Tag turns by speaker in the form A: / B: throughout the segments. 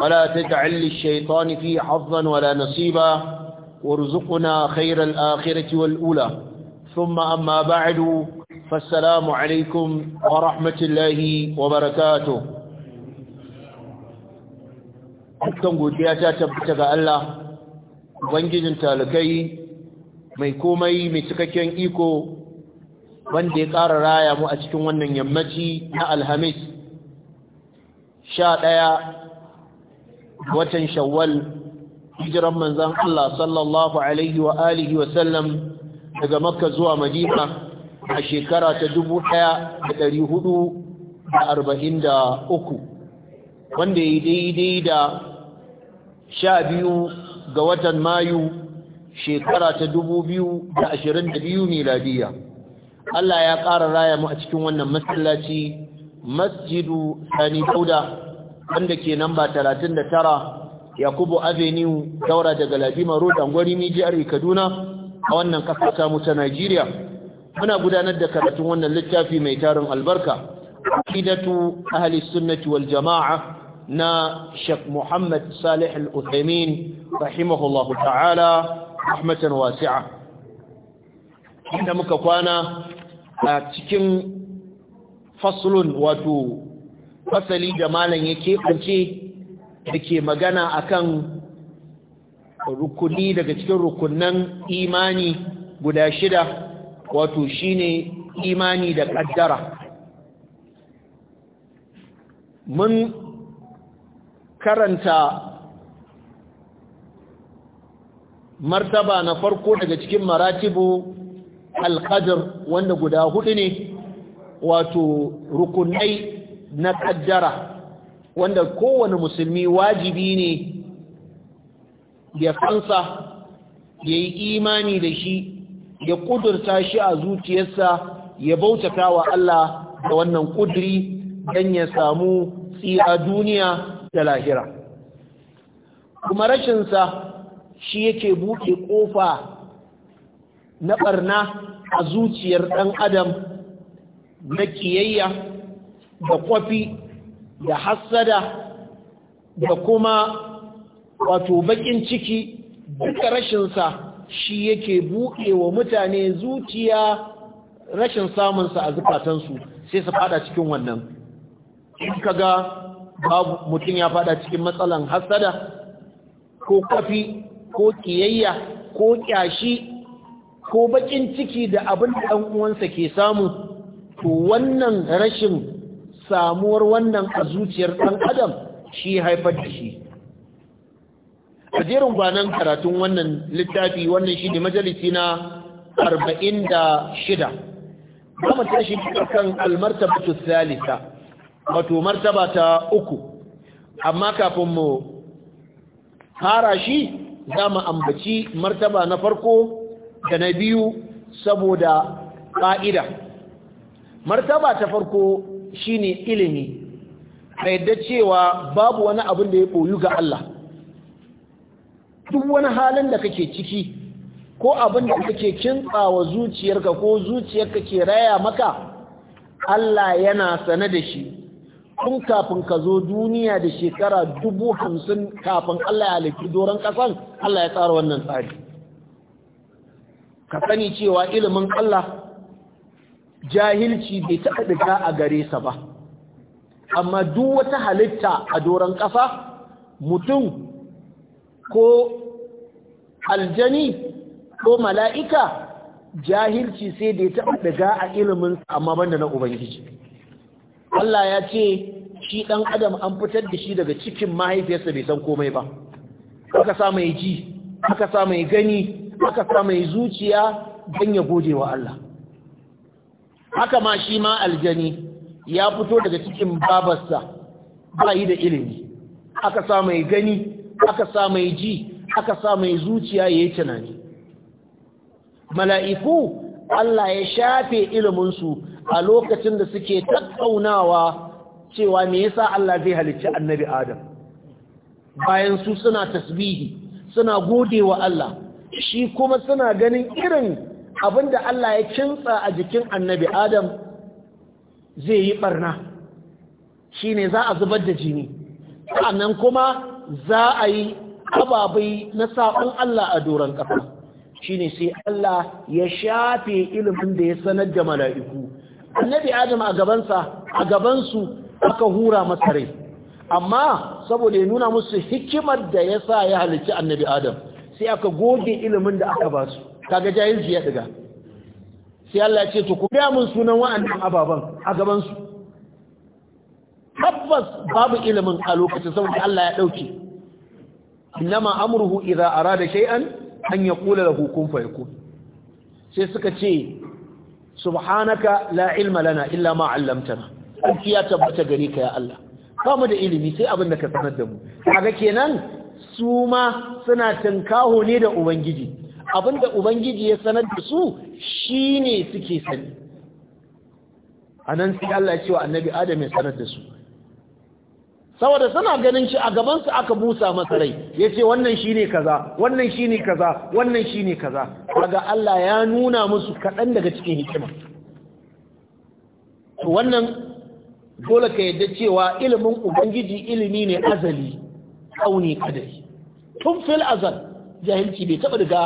A: ولا تجعل للشيطان فيه حظا ولا نصيبا وارزقنا خير الآخرة والأولى ثم أما بعد فالسلام عليكم ورحمة الله وبركاته dukkan godiya ta tabbata ga Allah ubangijin talakai mai komai mai cikakken iko wanda ya ƙara raya mu a cikin wannan yammaci na alhamis sha ɗaya watan shawwal hijiran manzan Allah sallallahu alaihi wa alihi wa sallam daga makka zuwa madina a shekara ta dubu ɗaya da da uku, wanda ya daidai da sha biyu ga watan mayu shekara ta dubu biyu da da 2022 miladiya Allah ya ƙara raya mu a cikin wannan masallaci masjidu sani dauda wanda ke namba 39 Yakubu Avenue daura daga Ladima Road Angwari Mijiyar Kaduna a wannan kasa ta mu ta Najeriya muna gudanar da karatun wannan littafi mai tarin albarka aqidatu ahli sunnati wal jamaa na Sheikh Muhammad Salih Al-Uthaymeen rahimahullahu ta'ala rahmatan wasi'a inda muka kwana a cikin faslun wato fasali da malam ya keɓance da ke magana akan rukuni daga cikin rukunan imani guda shida wato shine imani da ƙaddara mun karanta martaba na farko daga cikin maratibu al-qadr wanda guda hudu ne wato rukunai na kaddara wanda kowane musulmi wajibi ne ya fansa ya yi imani da shi ya kudurta shi a zuciyarsa ya bautata wa Allah da wannan kuduri don ya samu tsira duniya da lahira kuma rashinsa shi yake buɗe ƙofa na ɓarna a zuciyar ɗan adam na ƙiyayya da kwafi da hassada da kuma wato bakin ciki duka rashinsa shi yake buɗe wa mutane zuciya rashin samunsa a zukatansu sai su fada cikin wannan in ka ga babu mutum ya fada cikin matsalan hassada ko kafi ko kiyayya ko kyashi ko bakin ciki da abin da ɗan uwansa ke samu to wannan rashin samuwar wannan a zuciyar ɗan adam shi haifar da shi a jerin banan karatun wannan littafi wannan shi ne majalisi na shida. za mu tashi kan almartabatu salisa wato martaba ta uku amma kafin mu fara shi za mu ambaci martaba na farko da na biyu saboda ƙa'ida martaba ta farko shine ilimi a yadda cewa babu wani abin da ya koyu ga Allah duk wani halin da kake ciki ko abin da kake wa zuciyarka ko zuciyarka ke raya maka Allah yana sane da shi Kun kafin ka zo duniya da shekara dubu hamsin kafin Allah ya halittu doron ƙasan Allah ya tsara wannan tsari ka sani cewa ilimin Allah jahilci bai taɓa ɗiga a gare sa ba amma duk wata halitta a doron ƙasa mutum ko aljani ko mala'ika jahilci sai da ya taɓa daga a ilimin amma banda na Ubangiji. Allah ya ce, shi ɗan adam an fitar da shi daga cikin mahaifiyarsa bai san komai ba. Aka sa mai ji, aka sa mai gani, aka sa mai zuciya don ya gode wa Allah. haka ma shi ma aljani ya fito daga cikin babarsa ba yi da ilimi aka sa mai gani aka sa mai ji aka sa mai zuciya ya yi tunani mala'iku Allah ya shafe iliminsu a lokacin da suke tattaunawa cewa me yasa Allah zai halicci annabi Adam bayan su suna tasbihi suna gode wa Allah shi kuma suna ganin irin da Allah ya kintsa a jikin annabi Adam zai yi barna ne za a zubar da jini sannan kuma za a yi ababai na saƙon Allah a doron ƙasa ne sai Allah ya shafe ilimin da ya sanar da mala'iku annabi Adam a gabansa a gabansu aka hura masarai, amma saboda ya nuna musu hikimar da ya sa ya halicci annabi Adam sai aka goge ilimin da aka basu. kaga jahilci ya diga sai Allah ya ce to ku ga mun sunan wa'annan ababan a gabansu. tabbas babu ilimin a lokacin saboda Allah ya ɗauke inma amruhu idza arada shay'an an yaqula lahu kun fayakun sai suka ce subhanaka la ilma lana illa ma 'allamtana alki ya tabbata gare ka ya Allah ba mu da ilimi sai abin da ka sanar da mu kaga kenan su ma suna tinkaho ne da ubangiji Abin da ubangiji ya sanar da su shine suke sani A nan sai Allah cewa annabi Adam ya sanar da su saboda suna ganin shi a gabansu aka busa masa rai ya ce wannan shi ne kaza wannan shi ne kaza wannan shi ne kaza daga Allah ya nuna musu kaɗan daga cikin hikima wannan dole ka yadda cewa ilimin ubangiji ilimi ne azali kauni kadari tun fil azal jahilci bai taɓa riga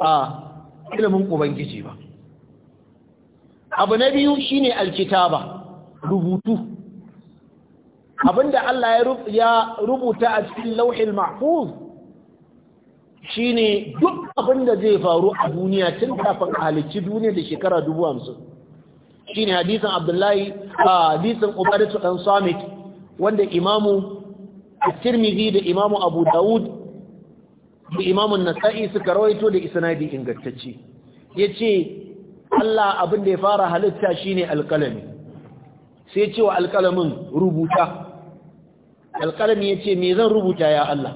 A: a ilimin ubangiji ba abu na biyu shine alkitaba rubutu abinda Allah ya rubuta a cikin lauhin mahfuz shine duk abinda zai faru a duniya tun kafin halicci duniya da shekara dubu hamsin shine hadisin abdullahi a hadisin ubadatu dan samit wanda imamu tirmidhi da imamu abu dawud da imamun nasa'i suka rawaito da isnadi ingantacce yace Allah abin da ya fara halitta shine alqalami sai ya ce wa alqalamin rubuta alqalami yace me zan rubuta ya Allah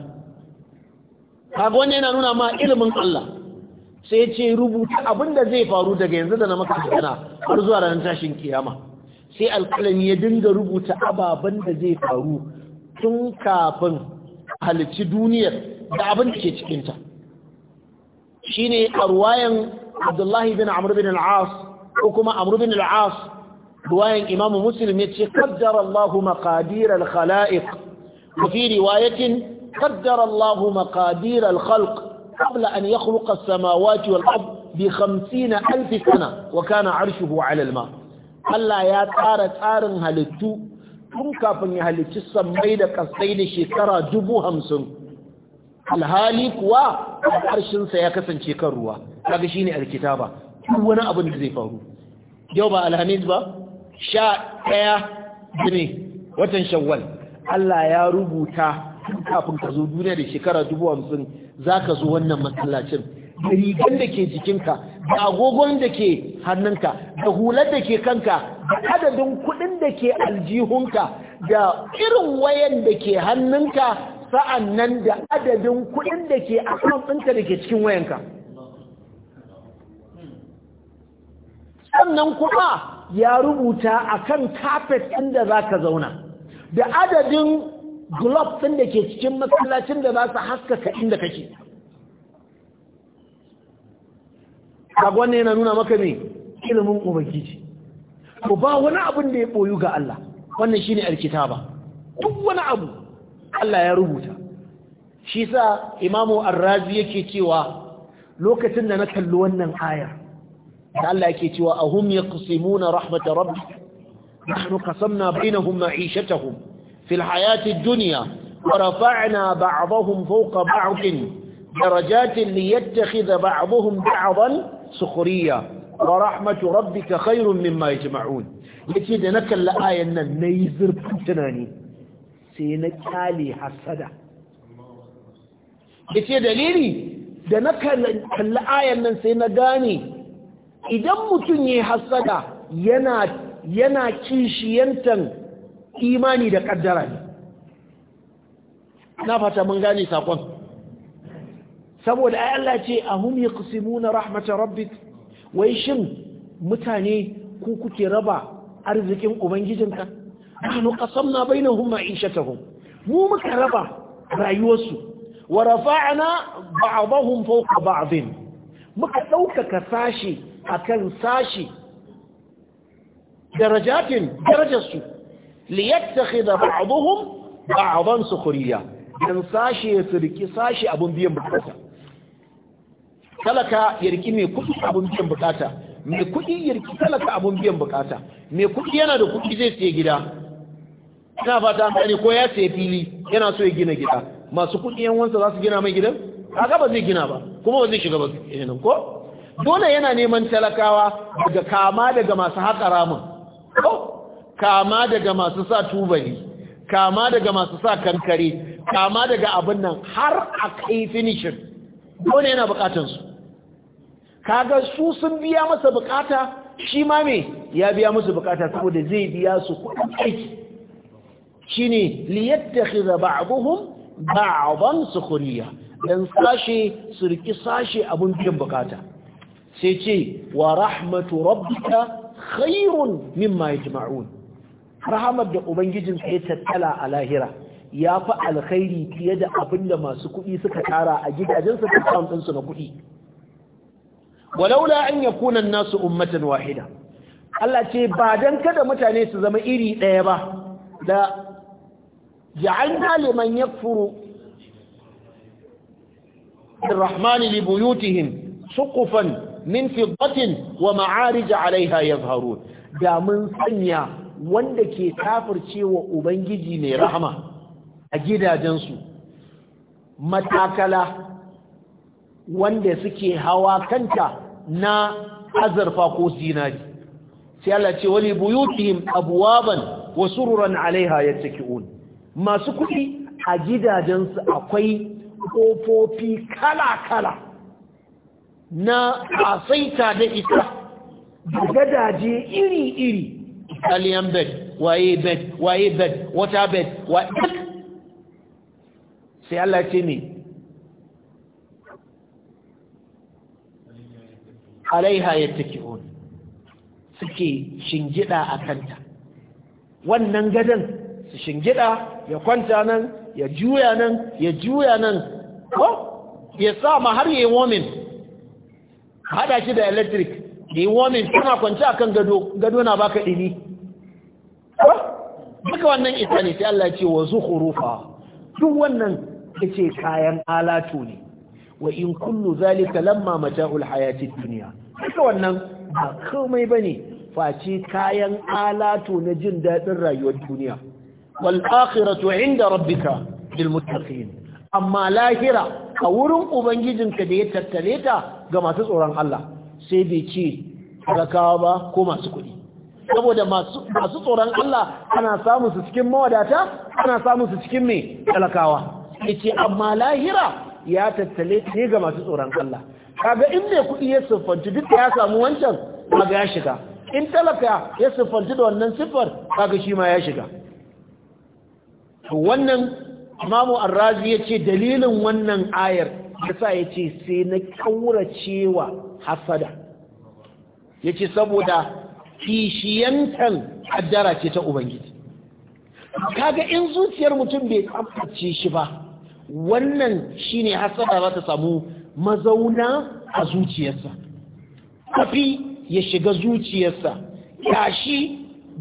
A: kaga wannan yana nuna ma ilimin Allah sai ya ce rubuta abin da zai faru daga yanzu da na maka magana har zuwa ranar tashin kiyama sai alqalami ya dinga rubuta ababen da zai faru tun kafin halicci duniyar da abin da ke cikinta shi ne a ruwayan abdullahi bin amur bin al'as ko kuma amur al'as ruwayan imamu muslim ya ce kaddar allahu makadir al-khala'iq wa fi riwayatin kaddar allahu maqadir al-khalq قبل أن يخلق السماوات والأرض بخمسين sana سنة وكان عرشه Allah ya tsara tsarin halittu tun kafin ya halicci sammai da kasai da shekara dubu hamsin alhali kuwa harshensa ya kasance kan ruwa kaga shine alkitaba duk wani abin da zai faru yau ba alhamis ba sha ɗaya ne watan shawwal Allah ya rubuta kafin ka zo duniya da shekara dubu hamsin za ka zo wannan matsalacin da rigar da ke jikinka da agogon da ke hannunka da hular da ke kanka da adadin kuɗin da ke aljihunka da irin wayan da ke hannunka sa'an nan da adadin kuɗin da ke a ɗinka da ke cikin wayanka sannan kuma ya rubuta a kan kafet inda za ka zauna da adadin glob ɗin da ke cikin matsalacin da za su haskaka inda kake kagwanne yana nuna maka ne ilimin ubangiji to ba wani abin da ya ɓoyu ga Allah wannan shi shine ba duk wani abu Allah ya rubuta shi sa imamu arrazi yake cewa lokacin da na kalli wannan aya da Allah yake cewa ahum yaqsimuna rahmatar rabbi nahnu qasamna bainahum ma'ishatahum fil hayati ad-dunya wa rafa'na ba'dahum fawqa ba'din darajatin liyattakhidha ba'dahum ba'dan sukhriya wa rahmatu rabbika khayrun mimma yajma'un yace da na kalli ayan nan nayi zurfin tunani sai na kyale hasada ce dalili da na kalli ayan nan sai na gane idan mutum ya hasada yana yana kishiyantan imani da kaddara ne na fata mun gane sakon saboda ai Allah ce ahum yaqsimuna rahmatar rabbik wai shin mutane ku kuke raba arzikin ubangijinka nahnu qasamna bainahum ma'ishatahum mu muka raba rayuwarsu wa rafa'na ba'dahum fawqa ba'din muka ɗaukaka sashi akan sashi darajatin darajarsu liyattakhidha ba'dahum ba'dan sukhriya dan sashi ya sirki sashi abun biyan bukata talaka yarki mai kudi abun biyan bukata mai kudi yarki talaka abun biyan bukata mai kudi yana da kudi zai siya gida ina fata an ko ya ce fili yana so ya gina gida masu kuɗi yan wansa za su gina mai gidan kaga ba zai gina ba kuma ba zai shiga ba kenan ko dole yana neman talakawa daga kama daga masu haƙa ramin ko kama daga masu sa tubali kama daga masu sa kankare kama daga abin nan har a kai finishin dole yana bukatan su kaga su sun biya masa bukata shi ma me ya biya musu bukata saboda zai biya su kuɗin aiki shine liyattakhidha ba'dhum ba'dhan sukuriya dan sashe surki sashe abun biyan bukata sai ce wa rahmatu rabbika khairun mimma yajma'un rahmat da ubangijin sai tattala a lahira ya fi alkhairi fiye da abin da masu kuɗi suka tara a su ta ɗinsu na kuɗi walaula an yakuna nasu ummatan wahida Allah ce ba dan kada mutane su zama iri ɗaya ba da ja'alna liman yakfuru الرحمن لبيوتهم سقفا min fiddatin wa ma'arij 'alayha yadhharun da mun sanya wanda ke tafircewa ubangiji mai rahama a gidajensu matakala wanda suke hawa kanta na azurfa ko zinari sai Allah ce wali buyutihim abwaban wa sururan 'alayha yattaki'un masu kuɗi a gidajensu akwai ƙofofi kala-kala na asaita da ita da gadaje iri-iri italian bed waye bed waye bed water bed waye sai Allah ce ne alaiha ya take suke shingida a kanta wannan gadon su shingida ya kwanta nan ya juya nan ya juya nan ko ya sa ma har yi warming hada shi da electric yi warming tana kwanci akan gado gado na baka dini ko duka wannan ita ne sai Allah ce wa zuhurufa duk wannan ce kayan alatu ne wa in kullu zalika lamma mata'ul hayatid dunya duka wannan ba komai bane face kayan alatu na jin daɗin rayuwar duniya wal akhiratu inda rabbika lil muttaqin amma lahira a wurin ubangijinka da ya tattale ta ga masu tsoron Allah sai bai ce talakawa ba ko masu kuɗi saboda masu tsoron Allah ana samun su cikin mawadata ana samun su cikin mai talakawa sai ce amma lahira ya tattale ne ga masu tsoron Allah kaga in mai kuɗi ya siffanci duk ya samu wancan kaga ya shiga in talaka ya siffanci da wannan siffar kaga shi ma ya shiga wannan imamu arrazi ya ce dalilin wannan ayar yasa ya ce sai na kauracewa hasada ya ce saboda kishiyantan kaddara ce ta ubangiji kaga in zuciyar mutum bai tsabtace shi ba wannan shine hasada za ta samu mazauna a zuciyarsa kafi ya shiga zuciyarsa yashi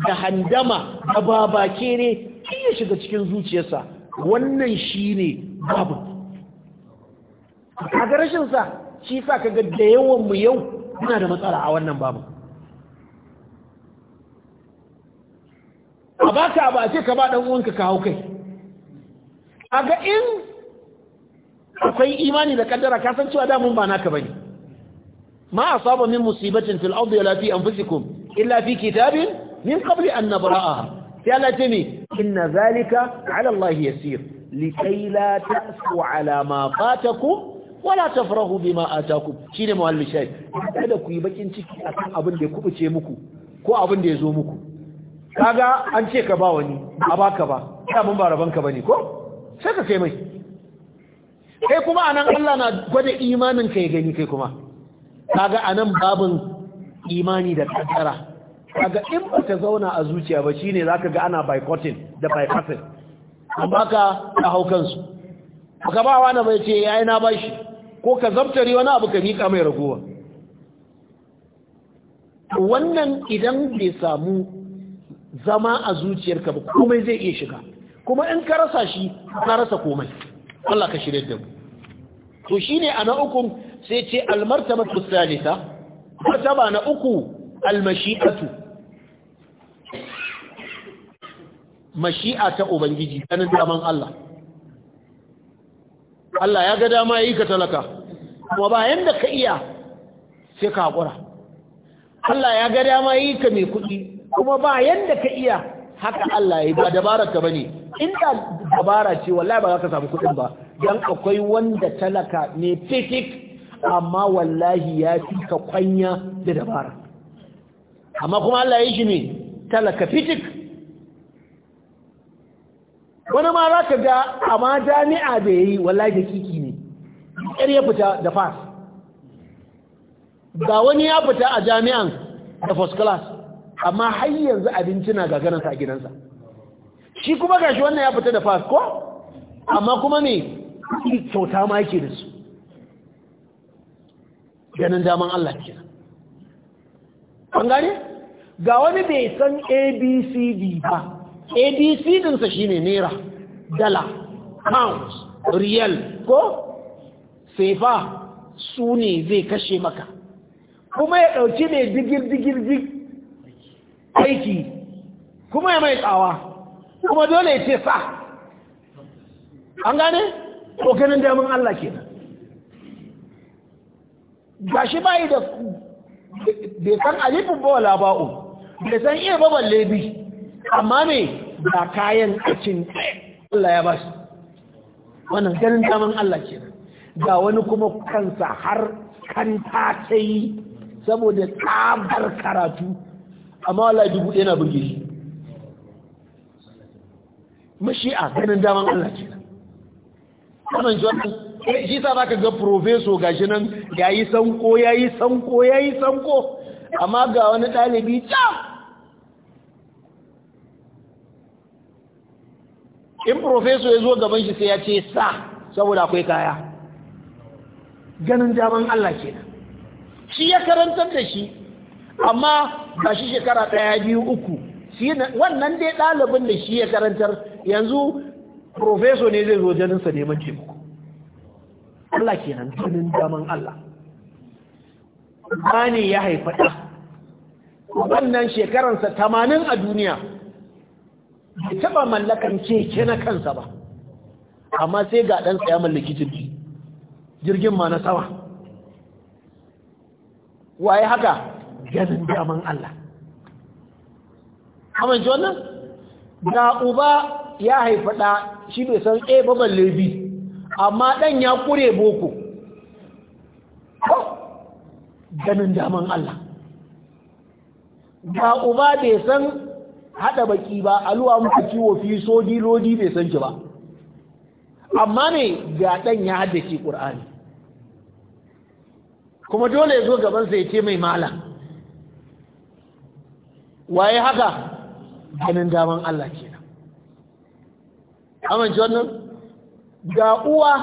A: da handama da babakere ya shiga cikin zuciyarsa wannan shi ne babu A rashinsa shi sa kaga da yawan yau muna da matsala a wannan babu a baka a ce ka ba dan uwanka ka hau kai aga in akwai imani da kaddara ka san cewa damun ba naka bane ma asaba min musibatin fil ardi an fi anfusikum illa fi kitabin min qabli an nabra'aha sai Allah ce ne inna zalika ala Allah yasir likai la ta'su ala ma fatakum wala tafrahu bima atakum shine muallim shaykh kada ku yi bakin ciki akan abin da ya kubuce muku ko abin da ya zo muku kaga an ce ka ba wani a baka ba kaman ba raban ka bane ko sai ka kai mai kai kuma anan Allah na gwada imanin ka ya gani kai kuma kaga anan babin imani da kaddara kaga in ba ta zauna a zuciya ba shine zaka ga ana boycotting da bypassing amma ka a haukansu ka ba wani bai ce yayi na bashi ko ka zabtari wani abu ka mika mai ragowa wannan idan bai samu zama a zuciyarka ba komai zai iya shiga kuma in ka rasa shi ka rasa komai Allah ka shirye da mu to shine ana uku sai ce almartabatu salisa martaba na uku almashi'atu mashi'a ta ubangiji ganin daman Allah Allah ya ga dama yi ka talaka kuma ba yanda ka iya sai ka hakura Allah ya ga dama yi ka mai kuɗi kuma ba yanda ka iya haka Allah ya ba dabarar ka bane inda dabara ce wallahi ba za ka samu kuɗin ba dan akwai wanda talaka ne fitik amma wallahi ya fi ka kwanya da dabara amma kuma Allah ya shi ne talaka wani ma za ka ga amma jami'a da ya yi wallahi da kiki ne ƙyar ya fita da fas ga wani ya fita a jami'an da first class amma har yanzu abinci na gaganansa a gidansa shi kuma gashi wannan ya fita da fas ko amma kuma ne kyauta ma yake da su ganin daman Allah kenan an gane? ga wani bai san abcd ba abcdinsa shine naira dala pounds riyal ko sefa su ne zai kashe maka kuma ya ɗauki mai digir-digir aiki kuma ya mai tsawa kuma dole ya ce sa an gane ƙoƙarin damin Allah kenan gashi bayi da bai san alifin bawa labaru bai san iya babban balle amma ne ba kayan a Allah ya ba wannan ganin daman Allah ke ga wani kuma kansa har kan ta yi saboda tsabar karatu amma wala dubu na burge shi mashi'a ganin daman Allah ke wannan jordan eh, shi sa ba ka ga profeso gashi nan ya yi sanko ya yi sanko ya yi sanko amma ga wani ɗalibi can in professor ya zo gaban shi sai ya ce sa saboda akwai kaya ganin daman Allah kenan shi ya karantar da shi amma ba shi shekara ɗaya biyu uku wannan dai ɗalibin da shi ya karantar yanzu profeso ne zai zo janinsa neman taimako Allah kenan ganin daman Allah ba ne ya haifa wannan shekaransa tamanin a duniya bai taba mallakan keke na kansa ba amma sai ga ɗansa ya mallaki jirgi jirgin ma na sama waye haka ganin daman Allah amince wannan da uba ya haifa ɗa shi bai san eh, a babban lebi amma ɗan ya ƙure boko ganin daman Allah da uba bai san hada baki ba aluwa muka kiwo fi sodi lodi bai san shi ba amma ne ga dan ya shi qur'ani kuma dole ya zo gaban sa ya ce mai malam waye haka ganin daman Allah kenan amince wannan ga uwa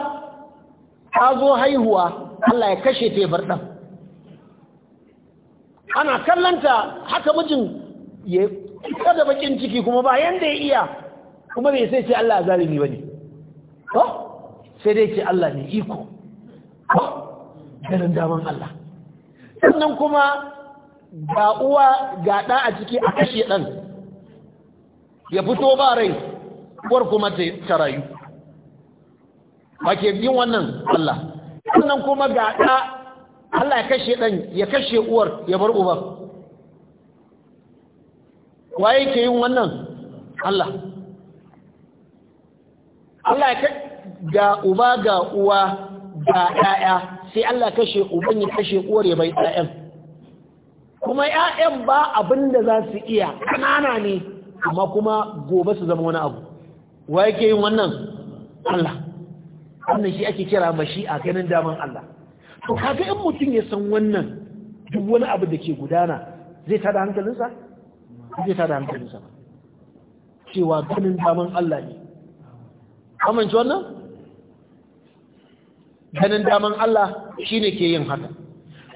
A: ta zo haihuwa Allah ya kashe ta ya bar dan ana kallanta haka mijin ya kada bakin ciki kuma ba yanda ya iya kuma bai sai ce Allah zalimi bane ko sai dai ce Allah ne iko ko garin daman Allah sannan kuma ga uwa ga da a ciki a kashe dan ya fito ba rai uwar kuma ta rayu ba ke yin wannan Allah sannan kuma ga da Allah ya kashe dan ya kashe uwar ya bar uban waye ke yin wannan Allah Allah ya ga uba ga uwa ga ɗaya sai Allah kashe uban ya kashe uwar ya bai ɗayan kuma ‘ya'yan ba abin da za su iya ƙanana ne amma kuma gobe su zama wani abu waye ke yin wannan Allah wannan shi ake kira a ganin daman Allah to kaga in mutum ya san wannan duk wani abu da ke gudana zai tada hankalinsa zai tada hankalinsa ba cewa ganin daman Allah ne amince wannan ganin daman Allah shine ke yin haka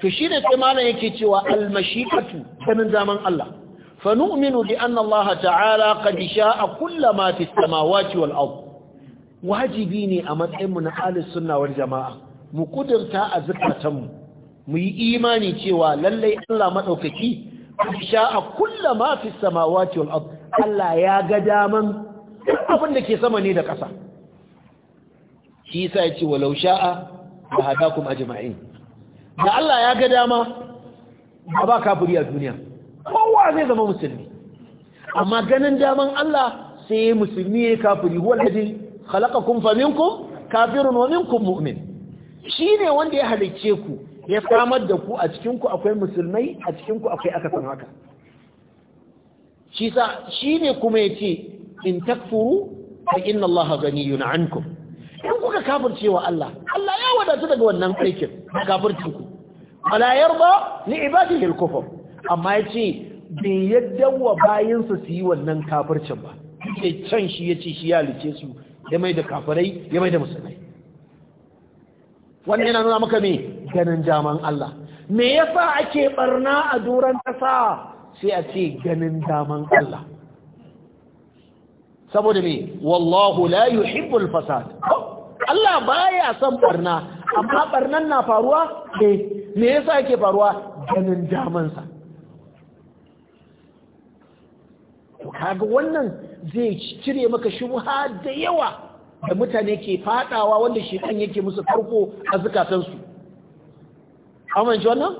A: to shine sai malam yake cewa al-mashiqatu ganin daman Allah fa nu'minu bi anna Allah ta'ala qad sha'a kull ma fi samawati wal ard wajibi ne a matsayin mu na ahli sunna wal jamaa mu kudurta a zakatanmu mu yi imani cewa lallai Allah madaukaki a kulla ma fi samawati wal ard Allah ya ga daman abin da ke sama ne da ƙasa shi ya ce walau sha'a la hadakum ajma'in da Allah ya ga dama ba ba kafiri a duniya kowa zai zama musulmi amma ganin daman Allah sai musulmi ya kafiri huwa alladhi khalaqakum faminkum kafirun wa minkum mu'min shine wanda ya halicce ku ya samar da ku a cikinku akwai musulmai a cikinku akwai akasin haka shi shi ne kuma ya ce in takfuru fa inna allaha ghaniyun ankum in kuka kafircewa Allah Allah ya wadatu daga wannan aikin kafircin ku wala ba, ni ibadihi al-kufr amma ce, bai yadda wa bayansa su yi wannan kafircin ba sai can shi ya ce, shi ya lice su ya mai da kafirai ya mai da musulmai wannan yana nuna maka me ganin daman Allah me yasa ake barna a duran ƙasa sai a ce ganin daman Allah saboda me wallahu la hibbul fasad Allah baya son barna amma barnan na faruwa eh me yasa ake faruwa ganin daman sa kaga wannan zai cire maka shubha da yawa da mutane ke fadawa wanda shi yake musu farko a zukatansu amince wannan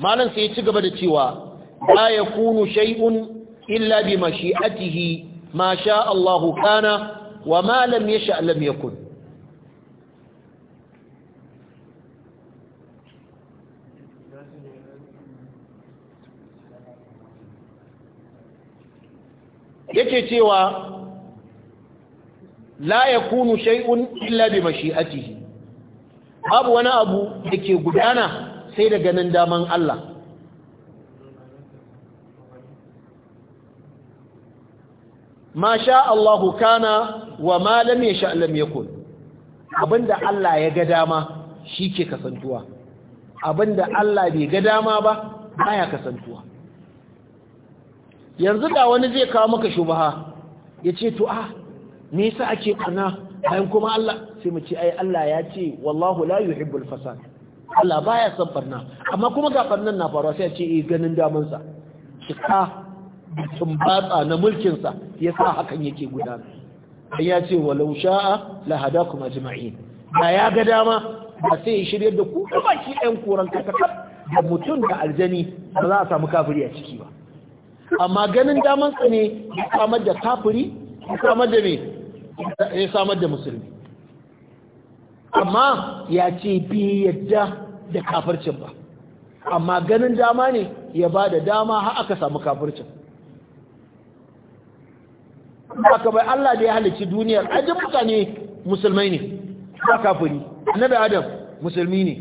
A: malam sai ya ci gaba da cewa la yakunu shay'un illa bi mashi'atihi ma sha Allahu kana wa ma lam yasha lam yakun yake cewa la yakunu shay'un illa bi mashi'atihi babu wani abu da ke gudana sai da ganin daman Allah ma sha Allahu kana wa ma lam yasha lam yakun abinda Allah ya ga dama shike kasantuwa abinda Allah bai ga dama ba baya kasantuwa yanzu da wani zai kawo maka shubha yace to a ah, me yasa ake kana bayan kuma Allah sai mu ce ai Allah ya ce wallahu la yuhibbul fasad Allah baya son barna amma kuma ga barnan na faruwa sai a ce eh ganin daman sa cika batsa na mulkin sa yasa hakan yake gudana sai ya ce walau sha'a la hadakum ajma'in ba ya ga dama ba sai ya shirye da ku ba ki ɗan koran kakakar da mutum da aljani ba za a samu kafiri a ciki ba amma ganin daman sa ne ya samar da kafiri ya samar da me ya samar da musulmi amma ya ce bi yadda da kafircin ba amma ganin dama ne ya ba da dama ha aka samu kafircin haka bai Allah da ya halici duniyar ajin mutane musulmai ne ba kafiri annabi adam musulmi ne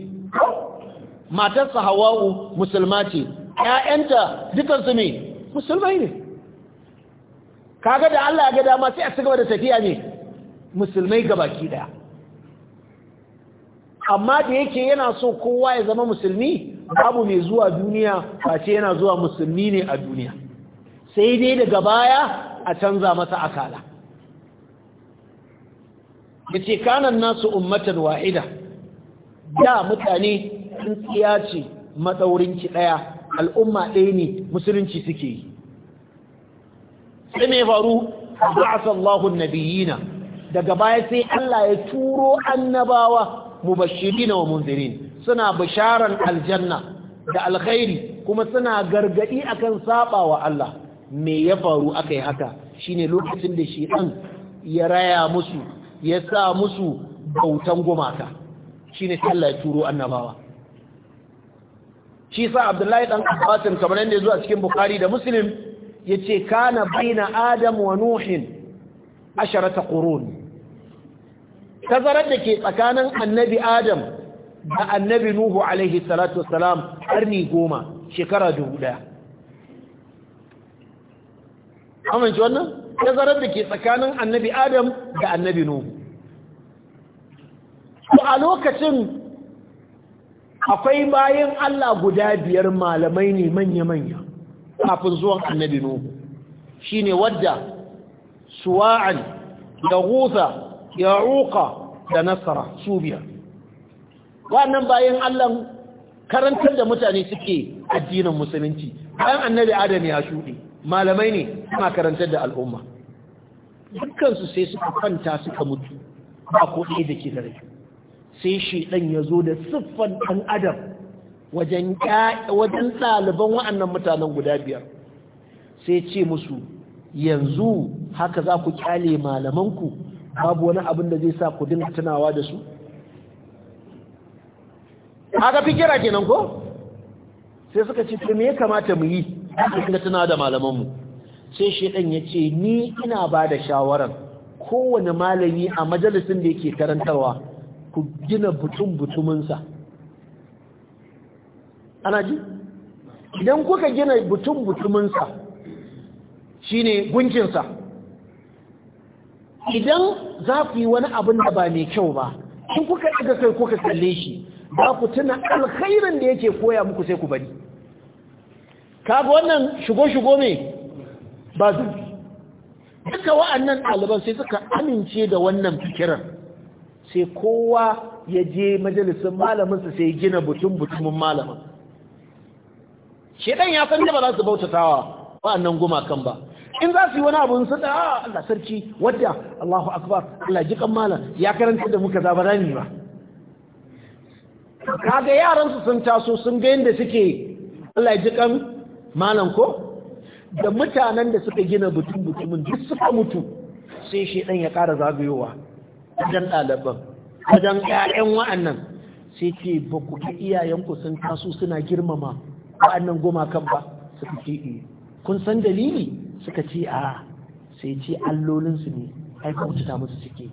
A: matarsa hawa'u musulma ce ƴaƴanta dukansu ne musulmai ne kaga da Allah ya ga dama sai a cigaba da tafiya ne musulmai ga baki ɗaya. amma da yake yana so kowa ya zama musulmi babu mai zuwa duniya ba yana zuwa musulmi ne a duniya sai dai daga baya a canza masa akala da ce kanan nasu ummatan wa'ida da mutane sun tsiya ce matsaurinki ɗaya al'umma ɗaya ne musulunci suke yi sai mai faru ba'asa Allahun nabiyina daga baya sai Allah ya turo annabawa mu bashirina wa munzirin suna bisharan aljanna da alkhairi kuma suna gargadi akan saba wa Allah me ya faru akai haka shine lokacin da shi ɗan ya raya musu ya sa musu bautan gumaka shine Allah ya turo annabawa shi sa Abdullahi dan Abbas kamar yadda ya zo a cikin Bukhari da Muslim yace kana baina Adam wa nuhin asharata quruni tazarar da ke tsakanin annabi adam da annabi nuhu alaihi salatu wassalam goma shekara dubu daya amince wannan tazarar da ke tsakanin annabi adam da annabi nuhu to a lokacin akwai bayan Allah guda biyar malamai ne manya-manya kafin zuwan annabi nuhu shine wadda suwa'an da ya'uka. da nasara su biyar wannan bayan Allah karantar da mutane suke addinin musulunci bayan annabi adam ya shuɗe malamai ne suna karantar da al'umma dukkansu sai suka kwanta suka mutu ba ko ɗaya da ke da rai sai shaidan ya zo da siffan ɗan adam wajen wajen ɗaliban wa'annan mutanen guda biyar sai ce musu yanzu haka za ku kyale malamanku babu wani abin da zai sa ku dinga tunawa da su aga fikira kenan ko sai suka ce to me ya kamata mu yi dinga tunawa da malaman mu sai shedan ya ce ni ina ba da shawaran kowane malami a majalisin da yake karantarwa ku gina butun sa ana ji idan kuka gina butun sa shine gunkinsa idan za ku yi wani abin da ba mai kyau ba in kuka daga sai kuka kalle shi ba ku tuna alkhairin da yake koya muku sai ku bari kaga wannan shigo-shigo mai ba zafi duka wa'annan ɗaliban sai suka amince da wannan fikiran sai kowa ya je majalisun malaminsa sai gina butun-butumin malamin shedan ya san ba za su bautatawa wa'annan gumakan ba in za su yi wani abun sun a ah, Allah sarki wadda Allahu akbar Allah ji malam, ya karanta da muka zaba rani ba kaga yaran su sun taso sun ga yanda suke Allah ji kan malam ko da mutanen da suka gina butun butumin duk suka mutu sai shi dan ya ƙara zagayowa wajen ɗaliban wajen ƴaƴan wa'annan sai ke ba ku ga iyayenku sun taso suna girmama wa'annan goma kan ba su fi eh. kun san dalili suka ce a sai ce allolinsu ne ai ba wuce musu suke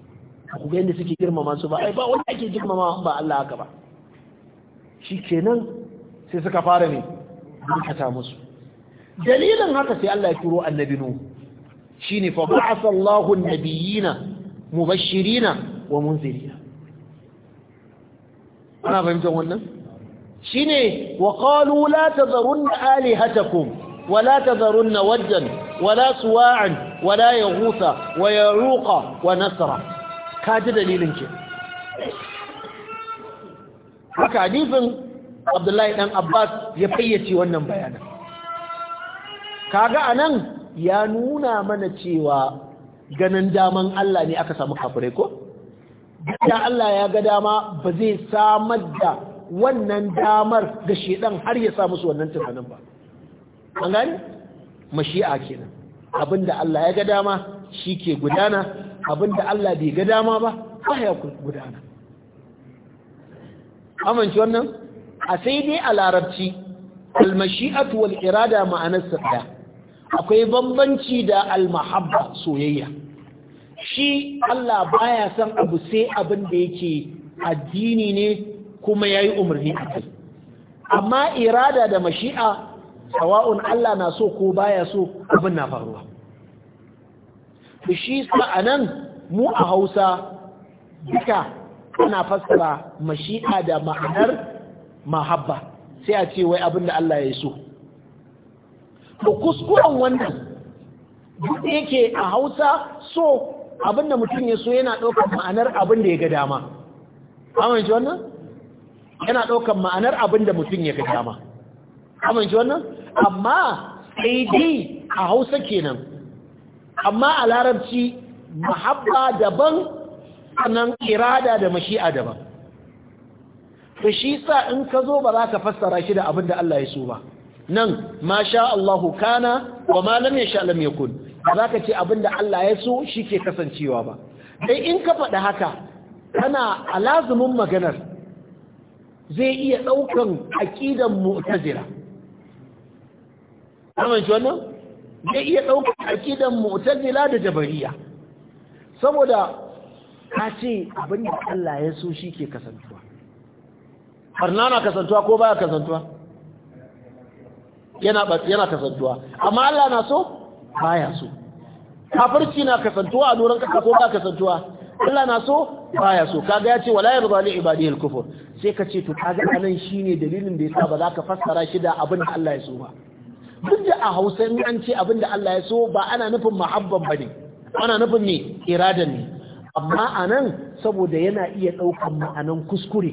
A: ku ga yadda suke girmama su ba ai ba wanda ake girmama ba Allah haka ba shi kenan sai suka fara ne dukata musu dalilin haka sai Allah ya turo annabi nu shine fa ba'atha Allahu nabiyina mubashirina wa munzirina ana fahimtar wannan shine wa qalu la tadharun alihatakum ولا تذرن ودا ولا سواعا ولا يغوث ويعوق ونسرا كاجي دليلin ki haka hadisin Abdullahi dan Abbas ya fayyace wannan Ka kaga anan ya nuna mana cewa ganin daman Allah ne aka samu kafirai ko da Allah ya ga dama ba zai samar da wannan damar ga shedan har ya sa musu wannan tunanin ba an gani mashi'a kenan abinda Allah ya ga dama shi ke gudana abinda Allah bai ga dama ba ba ya gudana amince wannan a sai dai a larabci almashi'atu wal irada ma'anar sadda akwai bambanci da almahabba soyayya shi Allah baya son abu sai abin da yake addini ne kuma yayi umarni amma irada da mashi'a sawa'un Allah na so ko baya so abin na faruwa to shi sa'anan mu a Hausa duka ana fassara mashi'a da ma'anar mahabba sai a ce wai abin da Allah ya so to kuskuren wannan duk yake a Hausa so abin da mutum ya so yana ɗaukar ma'anar abin da ya ga dama amince wannan yana ɗaukar ma'anar abin da mutum ya ga dama amince wannan amma ad a hausa kenan amma a larabci mahabba daban sannan irada da mashi'a daban to shi sa in ka zo ba za ka fassara shi da abin da Allah ya so ba nan ma sha Allahu kana wa ma lam yasha lam yakun ba za ka ce abin da Allah ya so shi ke kasancewa ba dai in ka faɗi haka kana alazumin maganar zai iya ɗaukan aƙidan mu'tazila amma shi wannan zai iya ɗaukar akidan mu'tazila da jabariya saboda ka ce abin da Allah ya so shi ke kasantuwa barna na kasantuwa ko baya kasantuwa yana yana kasantuwa amma Allah na so baya so kafirci na kasantuwa a doron kasa ko baya kasantuwa Allah na so baya so kaga ya ce wala yarda li ibadihi al-kufr sai ka ce to kaga anan shine dalilin da yasa ba za ka fassara shi da abin da Allah ya so ba duk da a hausa in an ce abin da Allah ya so ba ana nufin mahabban ba ne ana nufin ne iradan ne amma a nan saboda yana iya ɗaukan ma'anan kuskure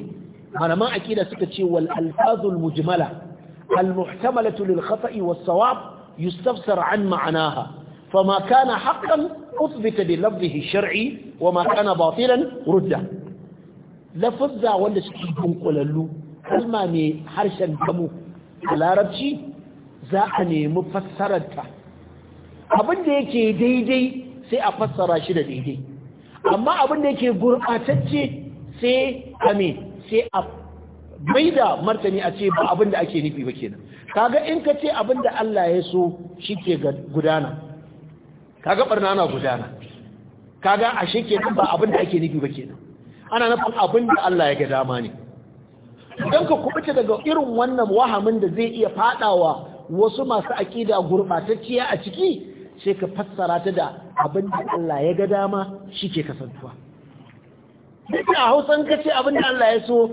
A: malaman aƙida suka ce wal alfazul mujmala al muhtamalatu lil khata'i was sawab yustafsar an ma'anaha فما كان حقا أثبت بلفظه الشرعي وما كان باطلا رده لفظة wanda suke dunkulallu kalma ne harshen damu a larabci za a nemi fassararta abin da yake daidai sai a fassara shi da daidai amma abin da yake gurɓatacce sai a me sai a maida martani a ce ba abin da ake nufi ba kenan kaga in ka ce abin da Allah ya so shi ke gudana kaga barna na gudana kaga a shi kenan ba abin da ake nufi ba kenan ana nufin abin da Allah ya ga dama ne don ka kubuta daga irin wannan wahamin da zai iya fadawa wasu masu aƙida gurɓatacciya a ciki sai ka fassara ta da abin da Allah ya ga dama shi ke
B: kasantuwa duk
A: a hausan ka ce abin da Allah ya so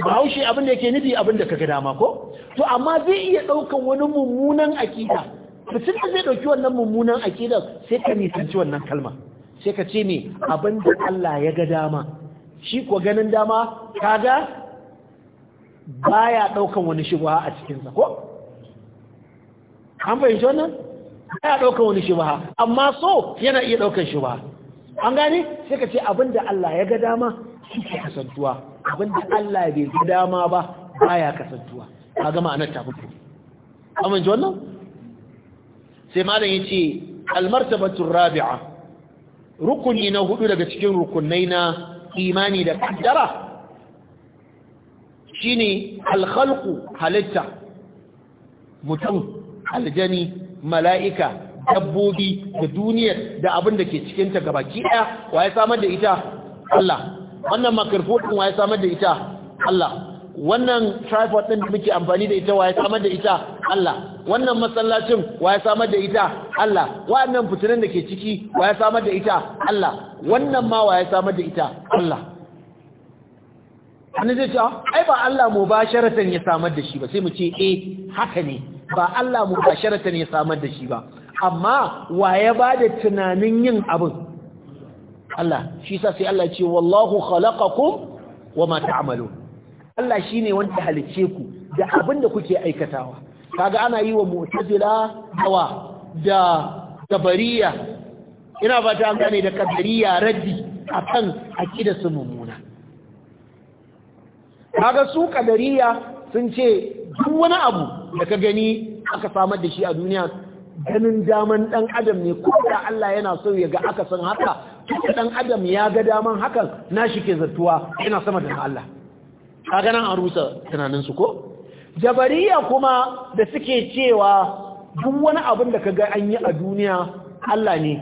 A: haushe abin da yake nufi abin da ka ga dama ko to amma zai iya ɗaukan wani mummunan aƙida mutum da zai ɗauki wannan mummunan aƙida sai ka nisanci wannan kalma sai ka ce ne abin da Allah ya ga dama shi ko ganin dama ka Ba baya ɗaukan wani shigowa a cikinsa ko an fahimci wannan ya ɗaukar wani shubaha amma so yana iya ɗaukar shubaha an gane sai ka ce abinda Allah ya ga dama shi ke kasantuwa abinda Allah bai ga dama ba baya kasantuwa ka gama ma'anar ta fito amince wannan sai malam yace almartabatu rabi'a rukuni na hudu daga cikin rukunai na imani da kaddara shine alkhalqu halitta mutum aljani mala'ika dabbobi da duniyar da abin da ke cikinta ki ɗaya wa ya samar da ita Allah wannan makarfo ɗin wa ya samar da ita Allah wannan tripod ɗin da muke amfani da ita wa ya samar da ita Allah wannan masallacin wa ya samar da ita Allah wa'annan fitinan da ke ciki wa ya samar da ita Allah wannan ma wa ya samar da ita Allah hannu zai ce ah, ai ba Allah mu ba sharatan ya samar da shi ba sai mu ce eh haka ne ba Allah mu basharatan ya samar da shi ba amma wa ya da tunanin yin abin Allah shi sa sai Allah ce wallahu khalaqakum wama ta'malu Allah shine wanda halice ku da abin da kuke aikatawa kaga ana yi wa mu'tazila dawa da tabariya ina ba ta gane da kadariya raddi akan akida su mummuna kaga su kadariya sun ce duk wani abu da ka gani aka samar da shi a duniya ganin daman ɗan adam ne ko da Allah yana so ya ga aka san haka kuma dan adam ya ga daman hakan shi ke zartuwa yana sama da Allah ga nan an rusa tunanin su ko jabariya kuma da suke cewa duk wani abin da ka an yi a duniya Allah ne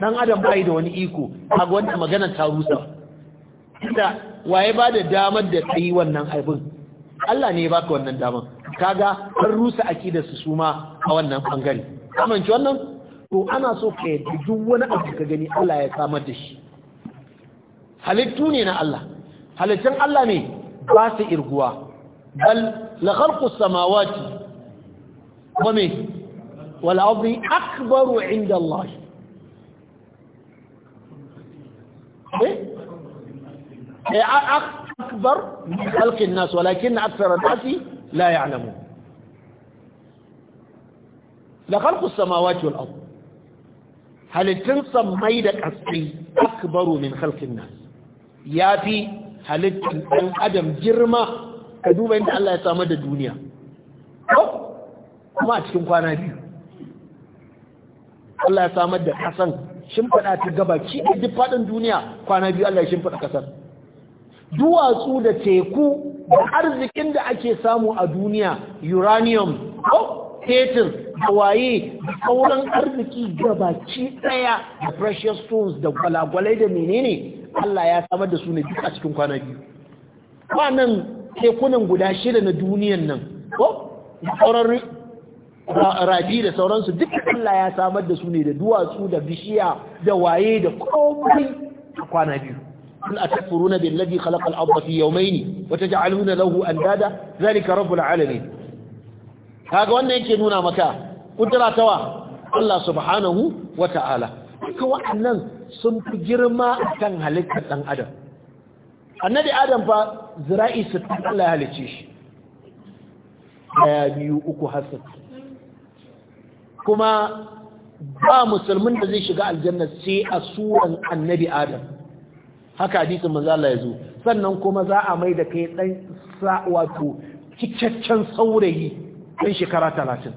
A: dan adam bai da wani iko kaga wannan magana ta rusa waye ba da damar da ta yi wannan aibin Allah ne ya baka wannan damar kaga an rusa akidarsu su ma a wannan bangare amince wannan to ana so ka yadda duk wani abu ka gani Allah ya samar da shi halittu ne na Allah halittun Allah ne ba su irguwa bal la khalqu samawati wa me wal ardi akbaru inda Allah eh, eh akbar min khalqi an-nas walakin akthara an-nas alamu. ya'lamu la khalqu samawati wal ard halittun sammai da ƙasai akbaru min khalqin nas yafi halittun ɗan adam girma ka duba inda Allah ya samar da duniya kuma a cikin kwana biyu Allah ya samar da kasan shimfiɗa ta gabaki a duk faɗin duniya kwana biyu Allah ya shimfiɗa kasan duwatsu da teku da arzikin da ake samu a duniya uranium ko fetur da waye da sauran arziki gabaci daya da precious stones da gwalagwalai da menene Allah ya samar da su ne duk a cikin kwana biyu kwanan tekunan guda shida na duniyan nan ko da sauran rabi da sauransu duk Allah ya samar da su ne da duwatsu da bishiya da waye da
B: komai
A: a kwana biyu قل أتكفرون بالذي خلق الأرض في يومين وتجعلون له أندادا ذلك رب العالمين هذا وانا يكينونا مكا قدرة توا الله سبحانه وتعالى كوانا سنت جرما كان هلك كان أدم النبي آدم فا زرائي ستن الله هلتشيش يا بيو أكو حسد كما ba musulmin da zai shiga aljanna sai a suran annabi adam haka hadisin manzo Allah ya zo sannan kuma za a mai da kai dan wato cikakken saurayi kan shekara 30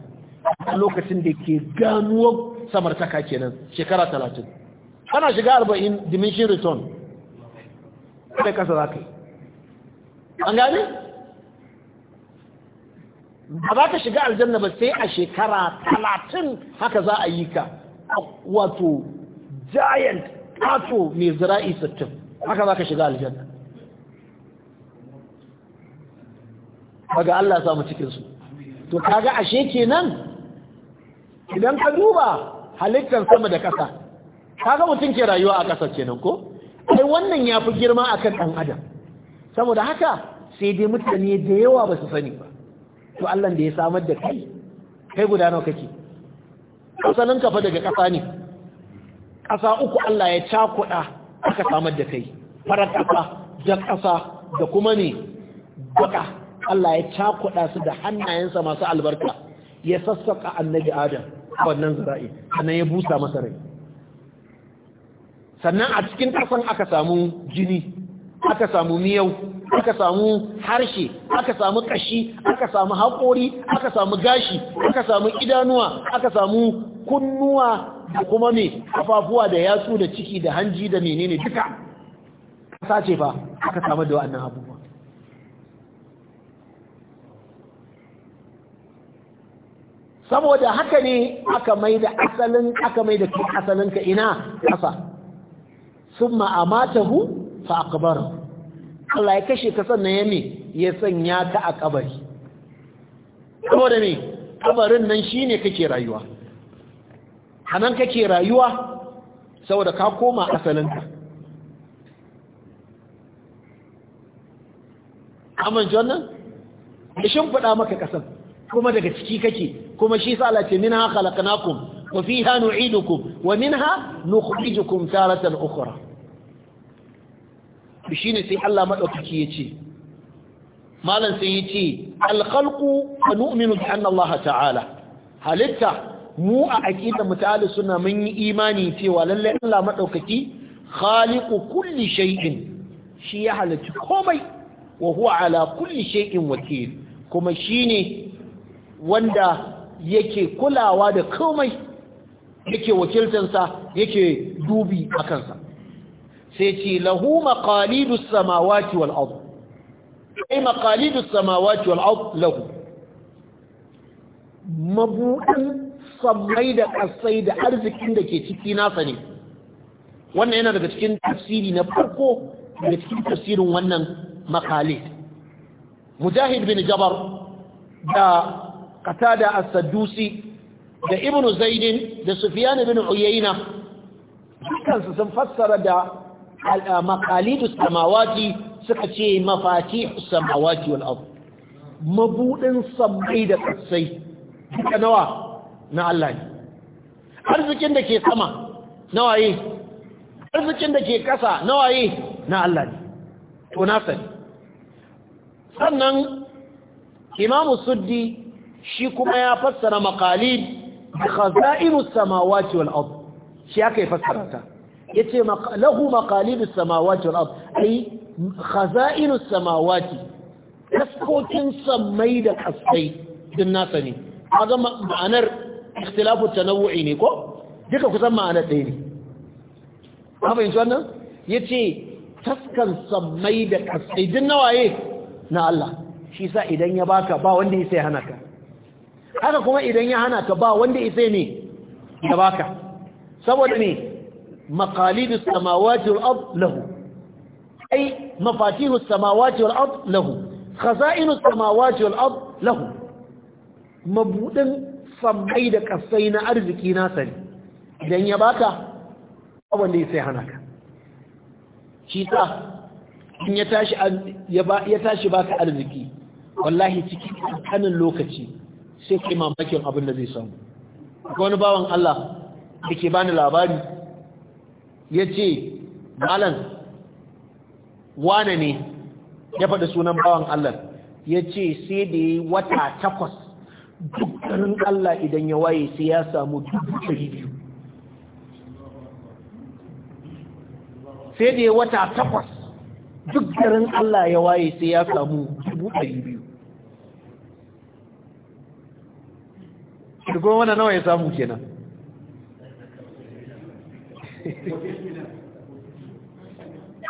A: lokacin da ke ganuwar samartaka kenan shekara 30 kana shiga 40 dimension return Sai ka sa kai an gane? ba za ka shiga aljanna ba sai a shekara 30 haka za a yi ka wato giant kato mai zira'i 60 haka za ka shiga aljanna Baga Allah samu cikinsu to kaga ashe kenan idan ka duba halittar sama da ƙasa kaga mutum ke rayuwa a ƙasar kenan ko ai wannan ya fi girma akan ɗan adam saboda haka sai dai mutane da yawa ba su sani ba to Allah da ya samar da kai kai guda nawa kake ka kafa daga ƙasa ne ƙasa uku Allah ya cakuɗa aka samar da kai farar ƙasa da ƙasa da kuma ne baka Allah ya cakuɗa su da hannayensa masu albarka ya sassaƙa annabi adam wannan zara'i sannan ya busa masa rai sannan a cikin ƙasan aka samu jini aka samu miyau aka samu harshe aka samu ƙashi aka samu haƙori aka samu gashi aka samu idanuwa aka samu kunnuwa da kuma me kafafuwa da yatsu da ciki da hanji da menene duka kasa ce ba aka samu da wannan abubuwa saboda haka ne aka mai da asalin aka mai da asalin ka ina kasa summa amatahu fa akabar Allah ya kashe ka sannan ya ne ya sanya ka a ƙabari. saboda me ƙabarin nan shi ne kake rayuwa hanan kake rayuwa saboda ka koma asalinka amince wannan da shimfiɗa maka ƙasan kuma daga ciki kake kuma shi sa Allah ce minha khalaqnakum wa fiha nu'idukum wa minha nukhrijukum taratan ukhra shine sai Allah madaukaki yace malam sai yace al-khalqu fa nu'minu bi anna Allah ta'ala halitta mu a aqida mutali suna mun yi imani cewa lallai Allah madaukaki khaliqu kulli shay'in shi ya halarci komai wa huwa ala kulli shay'in wakil kuma shine wanda yake kulawa da komai yake wakiltansa yake dubi a kansa sai ce lahu maqalidu samawati wal ard ai maqalidu samawati wal ard lahu mabudan sammai da ƙasai da arzikin da ke ciki nasa ne wannan yana daga cikin tafsiri na farko daga cikin tafsirin wannan makale mujahid bin jabar da qatada as-saddusi da ibnu zaidin da sufyan bin uyayna dukansu sun fassara da makalidus samawati suka ce mafatihus samawati wal ard mabudin sammai da ƙasai duka nawa na Allah ne arzikin da ke sama na waye arzikin da ke ƙasa na waye na Allah ne to na sani sannan imamu suddi shi kuma ya fassara maqalid bi khaza'inus samawati wal ard shi aka yi fassara ta yace lahu maqalidus samawati wal ard ai khaza'inus samawati kaskokin sammai da kasai din nasa ne kaga ma'anar ikhtilafu tanawu'i ne ko duka kusan ma'ana ɗaya ne amma yanzu wannan yace taskan sammai da kasai din nawaye na Allah shi sa idan ya baka ba wanda yake hana ka haka kuma idan ya hana ka ba wanda yake ne ya baka saboda ne maqalidus samawati wal ard lahu ai mafatihus samawati wal ard lahu khaza'inus samawati wal ard lahu mabudin sammai da kasai na arziki na sani idan ya baka abin da ya sai hana ka shi ta in ya tashi baka arziki wallahi ciki kanin lokaci sai kai mamakin abin da zai samu ga wani bawan Allah da ke bani labari ya ce malam wane ne ya faɗi sunan bawan Allah ya ce sai da ya wata takwas dukkanin Allah idan ya waye sai ya samu dubu ɗari biyu sai da ya wata takwas duk garin Allah ya waye sai ya samu dubu ɗari biyu shigo wanda nawa ya samu kenan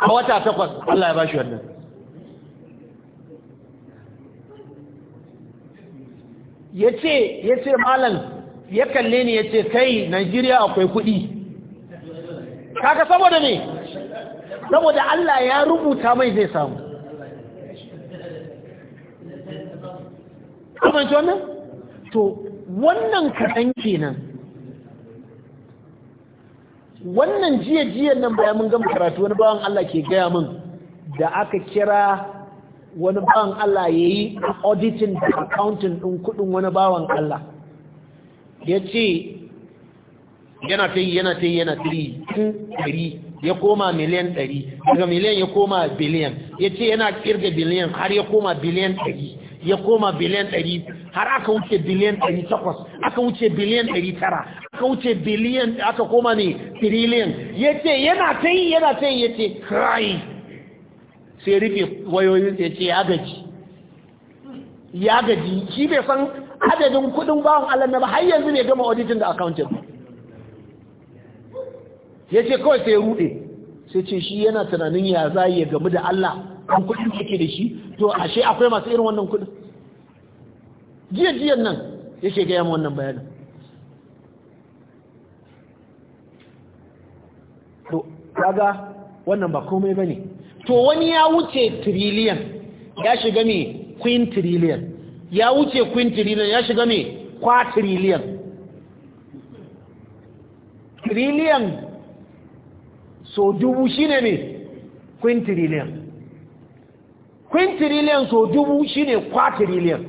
B: a wata takwas Allah
A: ya ba shi wannan ya ce malam ya kalle ni ya ce kai Najeriya akwai kuɗi kaka saboda ne
B: saboda Allah ya rubuta mai zai samu
A: kamanci wannan to wannan kaɗan kenan wannan jiya-jiyan nan bayan mun gama karatu wani bawan Allah ke gaya mun da aka kira wani bawan Allah ya yi auditing da accounting ɗin kuɗin wani bawan Allah ya ce yana ta yi yana ta yi yana ta yi ɗari ya koma miliyan ɗari daga miliyan ya koma biliyan ya ce yana kirga biliyan har ya koma biliyan ɗari ya koma biliyan ɗari har aka wuce biliyan ɗari takwas aka wuce biliyan ɗari tara aka wuce biliyan aka koma ne tiriliyan ya ce yana ta yi yana ta yi ya ce crying sai rufe wayoyin sai ce ya gaji ya gaji shi bai san adadin kudin bawon Allah na ba har yanzu ne gama auditing da accounting ya ce kawai sai rude sai ce shi yana tunanin ya za ya gamu da Allah kan kudin yake da shi to ashe akwai masu irin wannan kudin jiya jiyan nan ya ce gaya wannan bayanin to kaga wannan ba komai bane to wani ya wuce trillion ya shiga me quintillion ya wuce quintillion ya shiga me quadrillion trillion so dubu shine me queen quintillion so dubu shine quadrillion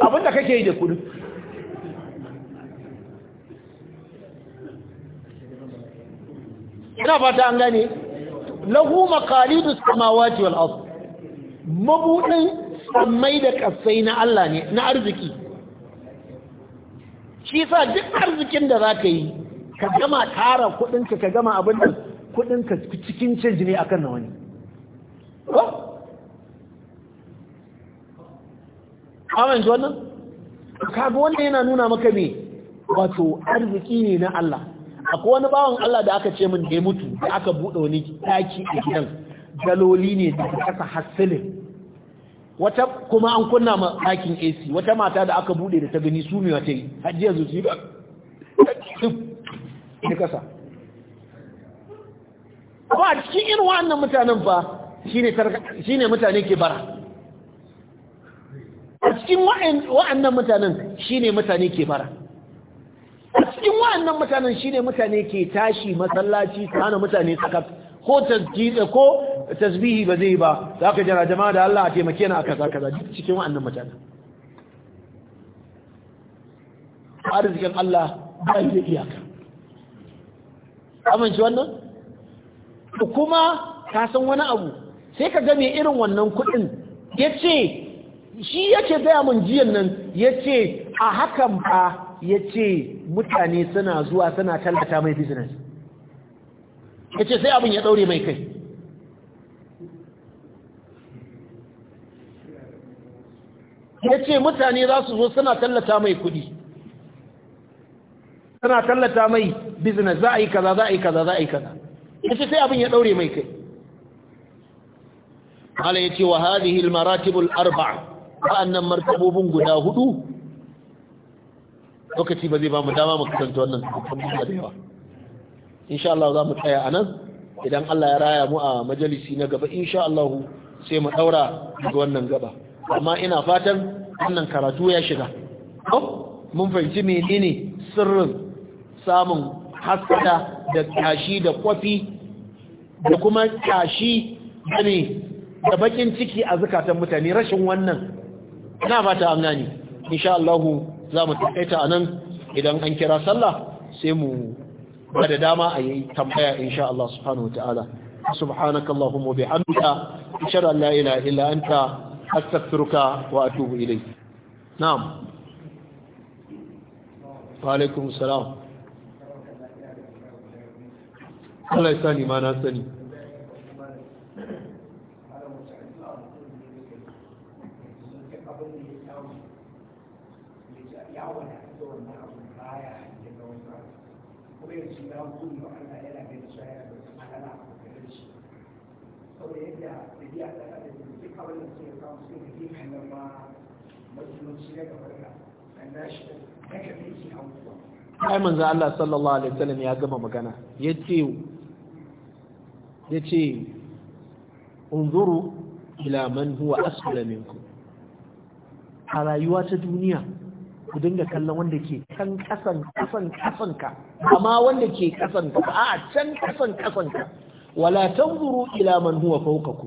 B: abinda kake yi da kudi ina fata an gane lahu maqalidu samawati wal
A: ardh mabudin sammai da kasai na Allah ne na arziki shi sa duk arzikin da zaka yi ka gama tara kudin ka ka gama abin da kudin ka cikin change ne akan na wani amin ji wannan kaga wanda yana nuna maka me wato arziki ne na Allah akwai wani bawan Allah da aka ce min da ya mutu da aka buɗe wani taki a gidan daloli ne da kasa hasilin wata kuma an kunna ma ɗakin AC wata mata da aka buɗe da ta gani su ne wata yi hajjiyar zuci ba ne kasa ba cikin irin wannan mutanen ba shine mutane ke bara a cikin wa'annan mutanen shine mutane ke bara wa'annan mutanen shine mutane ke tashi masallaci kana mutane saka ko tasjida ko tasbihi ba zai ba zaka jira jama'a da Allah a taimake ni a kaza kaza cikin wa'annan mutanen arzikin Allah ba yi iyaka amince wannan kuma ka san wani abu sai ka ga me irin wannan kuɗin yace shi yake gaya mun jiyan nan ya ce a hakan ba ya ce mutane suna zuwa suna tallata mai business ya ce sai abin ya daure mai kai ya ce mutane za su zo suna tallata mai kudi suna tallata mai business za a yi kaza za a yi kaza za a yi kaza ya ce sai abin ya daure mai kai hala ya ce wa hadihil maratibul arba'a wa'annan martabobin guda hudu lokaci ba zai ba mu dama mu kasance wannan tambayoyi da yawa insha Allah za mu tsaya a nan idan Allah ya raya mu a majalisi na gaba insha Allah sai mu daura daga wannan gaba amma ina fatan wannan karatu ya shiga mun fahimci menene sirrin samun haskada da kashi da kwafi da kuma kashi da ne da bakin ciki a zukatan mutane rashin wannan ina fata an gani insha Allah za mu taƙaita a nan idan an kira sallah sai mu ba da dama a yi tambaya insha Allah subhanahu wa ta'ala subhanaka allahumma bihamdika ashhadu an la ilaha illa anta astaghfiruka wa atubu ilayk na'am wa alaikum salam
B: Allah ya sani ma na sani kawo sun ba Allah yana da shi ya ana da shi saboda yadda da biya ta da duk abin da suke kawo sun da yin hannun ma musulunci daga farka an dashi daga da yake abubuwa
A: ai manzo Allah sallallahu alaihi wasallam ya gama magana yace yace unzuru ila man huwa asfala minkum a rayuwa ta duniya ku dinga kallon wanda ke kan kasan kasan kasan ka amma wanda ke kasan ka a can kasan kasan ka wala tanzuru ila man huwa fawqaku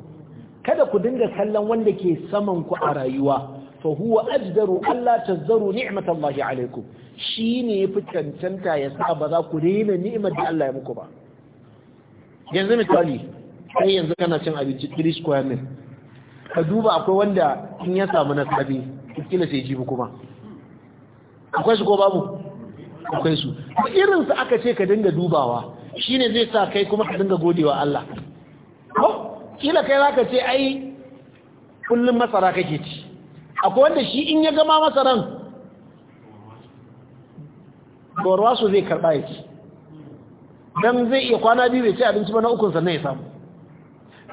A: kada ku dinga kallon wanda ke saman ku a rayuwa fa huwa ajdaru alla tazzaru ni'matallahi alaikum shine yafi cancanta ya sa ba za ku rena ni'imar da Allah ya muku ba yanzu misali sai yanzu kana cin abinci 3 square min. ka duba akwai wanda in ya samu na sabi kila sai jibi kuma akwai su ko babu akwai su irin su aka ce ka dinga dubawa shine zai sa kai kuma ka dinga godewa Allah ko kila kai zaka ce ai kullum masara kake ci akwai wanda shi in ya gama masaran gorwa su zai karba ya dan zai iya kwana biyu bai ci abinci ba na ukun sannan ya samu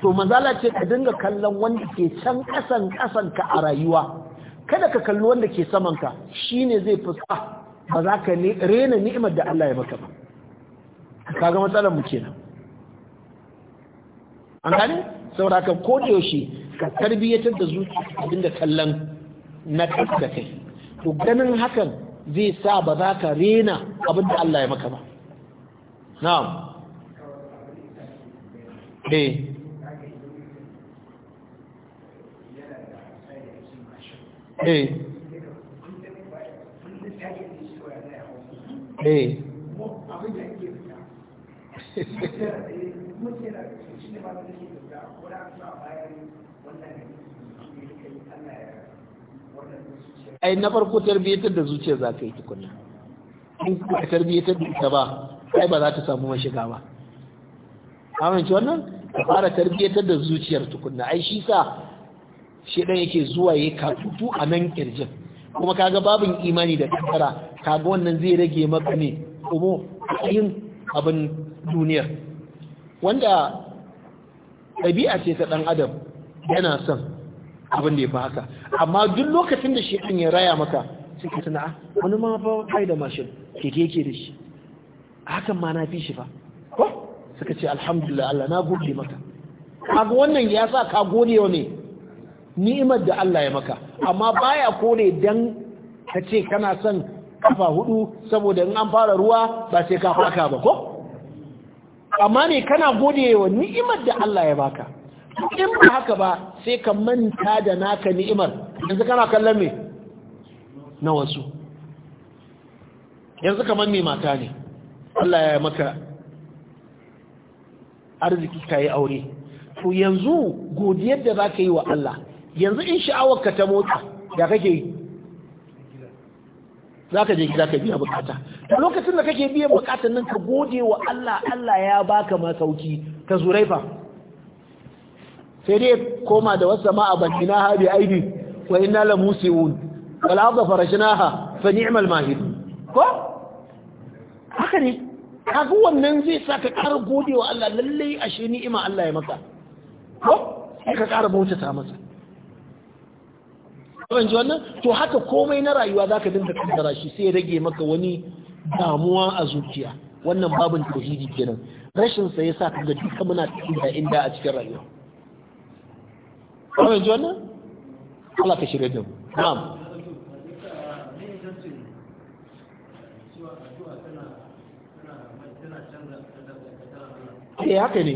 A: to manzala ce ka dinga kallon wanda ke can kasan kasan ka a rayuwa kada ka kalli wanda ke samanka shine zai fuska ba za ka rena ni'imar da Allah ya maka ba kaga matsalar mu kenan an gane saboda ka kodi da ka tarbiyyatar da zuciya abinda kallon na da kai to ganin hakan zai sa ba za ka rena abin da Allah ya maka ba na'am eh
B: eh eh ai na farko tarbiyyatar
A: da zuciya za ka yi tukuna in ka tarbiyyatar da ita ba kai ba za ta samu mashiga ba amince wannan ka fara tarbiyyatar da zuciyar tukuna ai shi sa shedan yake zuwa yi katutu a nan kirjin kuma kaga babin imani da kaddara kaga wannan zai rage maka ne kuma yin abin duniyar wanda ɗabi'a ce ta ɗan adam yana son abin da ya fi haka amma duk lokacin da shekan ya raya maka suka suna a ah, wani ma fa kai da mashin keke ke da shi hakan ma na fi shi fa ko suka ce alhamdulillah Allah na gode maka kaga wannan ya sa ka gode wa ne ni'imar da Allah ya maka amma baya kone dan ka ce kana son kafa hudu saboda in an fara ruwa ba sai ka faka ba ko amma ne kana godewa ni'imar da Allah ya baka in ba haka ba sai ka manta da naka ni'imar yanzu kana kallon me na wasu yanzu kamar me mata ne Allah ya maka arziki ka aure to yanzu godiyar da zaka yi wa Allah yanzu in sha'awarka ta motsa ya kake yi za ka je gida ka biya bukata ta lokacin da kake biya bukatan nan ka gode wa Allah Allah ya baka masauki ka zurai fa sai dai koma da wasu ma'a bakina ha bi aidi wa inna la musiun wal arda farashnaha fa ni'mal mahid ko haka ne kaga wannan zai sa ka ƙara gode wa Allah lalle ashe ni'ima Allah ya maka ko sai ka kara bauta ta masa ji wannan to haka komai na rayuwa za ka dinga kaddara shi sai ya rage maka wani damuwa a zuciya wannan babin tauhidi kenan rashin sa ka kaga duka muna da inda a cikin rayuwa kawai ji wannan Allah ka shirya da mu na'am eh haka ne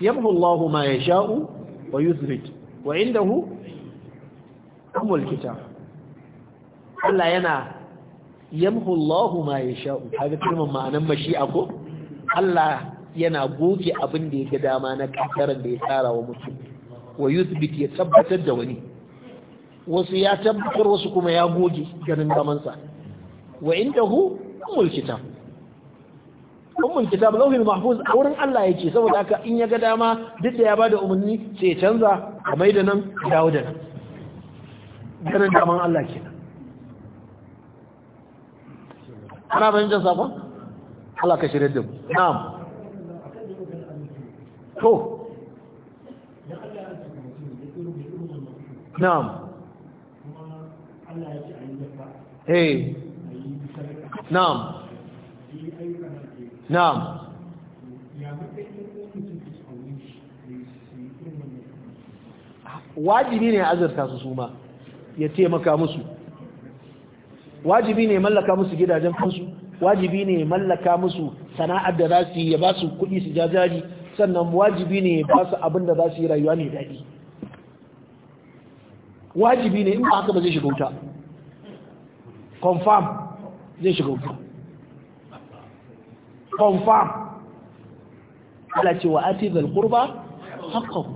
A: yamhu Allahu ma yasha'u wa yuzrid wa indahu ummul kitab Allah yana yamhu Allahu ma yasha'u kaga kalmar ma'anan mashi'a ko Allah yana goge abin da yake dama na kaddaran da ya tsara wa mutum wa yuthbit ya tabbatar da wani wasu ya tabbatar wasu kuma ya goge ganin damansa wa indahu ummul kitab ummul kitab lauhin mahfuz a wurin Allah yake saboda haka in ya ga dama duk da ya bada umarni sai ya canza a maida nan dawo da nan garin daman Allah ke ana fahimtar sakon? Allah ka shirya dim na'am
B: to na'am hey eh. na'am na'am wajibi ne azurta
A: su suma ya taimaka musu wajibi ne mallaka musu gidajen kansu wajibi ne mallaka musu sana'ar da za su yi ya ba su kuɗi su jajari sannan wajibi ne ba su abin da za su yi rayuwa ne daɗi wajibi ne in ba haka ba zai shiga wuta confirm zai shiga wuta confirm ala cewa ati zal qurba haqqahu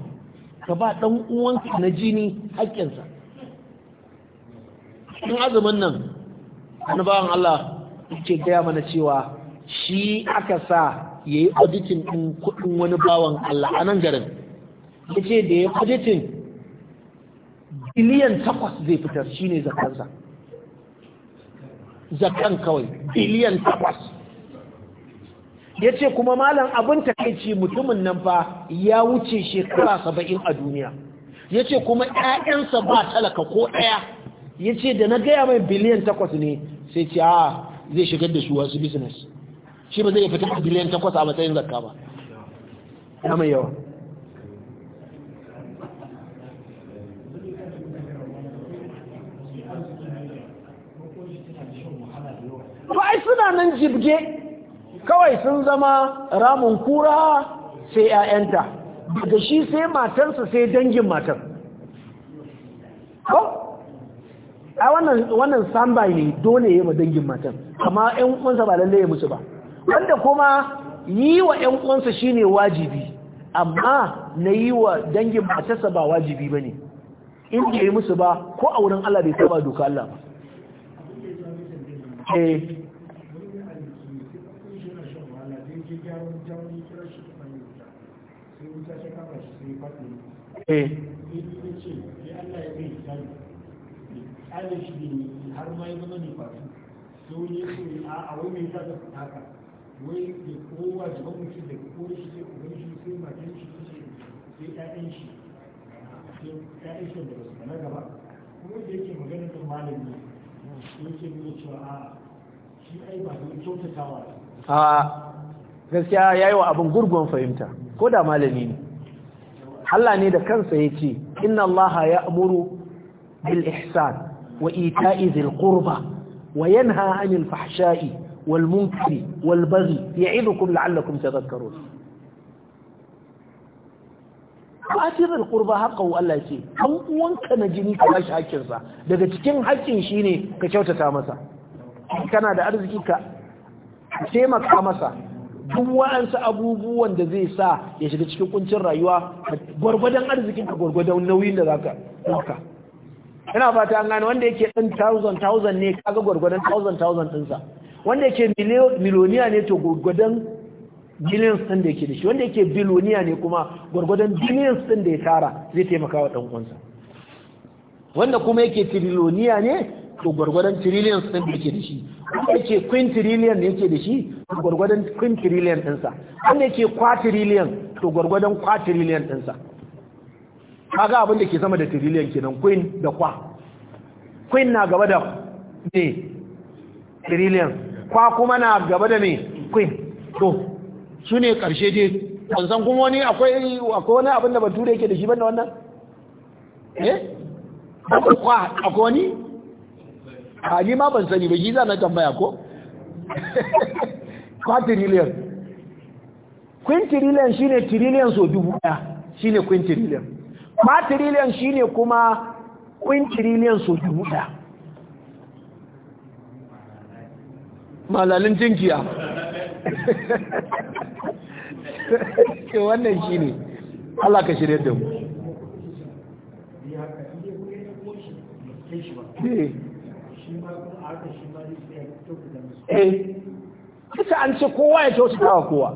A: ka ba dan uwanka na jini haƙƙinsa in azumin nan wani bawan Allah ke gaya mana cewa shi aka sa ya yi auditin ɗin kuɗin wani bawan Allah a nan garin ya ce da ya auditin biliyan takwas zai fitar shi ne zakansa zakan kawai biliyan takwas ya ce kuma malam abin takaici mutumin nan fa ya wuce shekara saba'in a duniya ya ce kuma 'ya'yansa ba talaka ko ɗaya ya ce da na gaya mai biliyan takwas ne sai ce a ah, zai shigar da su wasu business shi ba zai fita biliyan takwas a matsayin zarka ba ya mai yawa to suna nan jibge kawai sun zama ramin kura sai 'ya'yanta daga shi sai matarsa sai dangin matar a wannan wannan samba ne dole ya ma dangin matan kama ƴan uwansa ba lalle ya musu ba wanda kuma yi wa ƴan uwansa shine wajibi amma na yi wa dangin matarsa ba wajibi bane in bai yi musu ba ko a wurin Allah bai saba doka Allah
B: ba eh eh kyale shi ne har ma ya zama ne faru sai ne su ne a awon wai mai zaga fita haka wai da kowa da ban mutum da kowa shi sai uban shi sai matan shi sai ƴaƴan shi sai ƴaƴan shi da basu balaga gaba kuma da yake magana kan malami sai ce nuna cewa a shi ai ba don kyautatawa
A: a gaskiya ya yi wa abin gurgun fahimta ko da malami ne Allah ne da kansa ya ce inna Allah ya amuru bil ihsan wa ita'i dhil qurba wa yanha 'anil fahsha'i wal munkari wal baghi ya'idukum la'allakum tadhakkarun atir al qurba haqqahu Allah ce an na jini ka bashi hakkin sa daga cikin hakkin shine ka kyautata masa kana da arziki ka taimaka masa duk wa'ansu abubuwan da zai sa ya shiga cikin kuncin rayuwa gwargwadon arzikin ka gwargwadon nauyin da zaka ɗauka ina fata an gane wanda yake ɗin 1000-1000 ne kaga gwargwadon 1000-1000 ɗinsa wanda yake miliyoniya ne to gwargwadon billions ɗin da yake da shi wanda yake biloniya ne kuma gwargwadon billions ɗin da ya tara zai taimaka wa ɗan'uwansa wanda kuma yake triloniya ne to gwargwadon trillions ɗin da yake da shi wanda yake quintillion ne yake da shi to gwargwadon quintillion ɗinsa wanda yake quadrillion to gwargwadon quadrillion ɗinsa kaga abin da ke sama da trillion kenan queen da kwa queen na gaba da ne trillion kwa kuma na gaba da me queen to su ne karshe dai ban san kuma wani akwai akwai wani abin da bature yake da shi banda wannan eh kwa akwai wani a ni ma ban sani ba shi za na tambaya ko kwa trillion queen trillion shine trillion so dubu daya shine queen trillion ma trillion ne kuma kwin trillion so dubu ɗaya malalin jinkiya
B: ke wannan shi ne Allah ka shirya da mu eh
A: kisa eh. an ce kowa ya kyauta kowa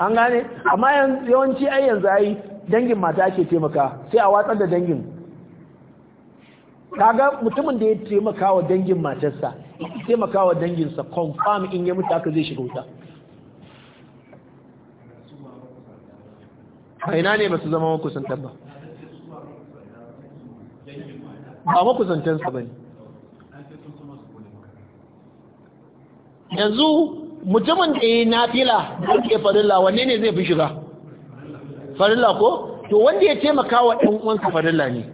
A: an gane amma yawanci ayyanzu yanzu ai dangin mata ake taimaka sai a watsar da dangin kaga mutumin da ya taimaka wa dangin matarsa taimaka wa danginsa confirm in ya mutu aka zai shiga wuta
B: a ina ne ba su zama makusantar ba
A: ba makusantarsa ba ne yanzu mutumin da ya nafila don ke farilla wanne ne zai fi shiga farilla ko to wanda ya taimaka wa ɗan uwansa farilla ne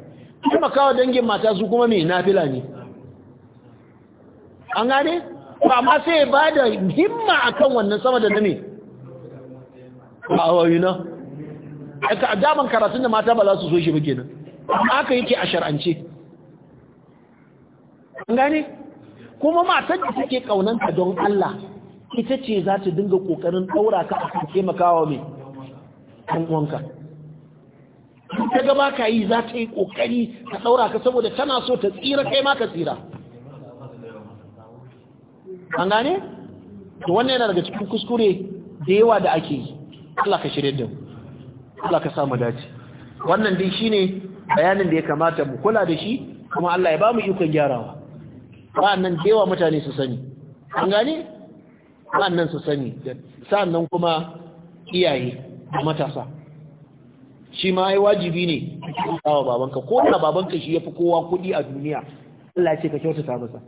A: taimaka wa dangin mata su kuma mai nafila ne an gane ba ma sai ba da himma akan wannan sama da nane ba a wayo na aka daman karatun da mata ba za su so shi muke nan aka yake a shar'ance an gane kuma matar da suke kaunanta don Allah ita ce za ta dinga kokarin ɗaura ka akan taimakawa mai ɗan wanka, ta ga ka yi za ta yi ƙoƙari ka ɗaura ka saboda tana so ta tsira kai ma ka tsira an gane? to wannan yana daga cikin kuskure da yawa da ake yi Allah ka shirya da mu Allah ka samu dace wannan dai ne bayanin da ya kamata mu kula da shi kuma Allah ya ba mu ikon gyarawa nan da yawa mutane su sani an gane? nan su sani nan kuma iyaye da matasa shi ma ya wajibi ne kawo babanka ko da babanka shi ya fi kowa kuɗi a duniya Allah ce ka kyautata masa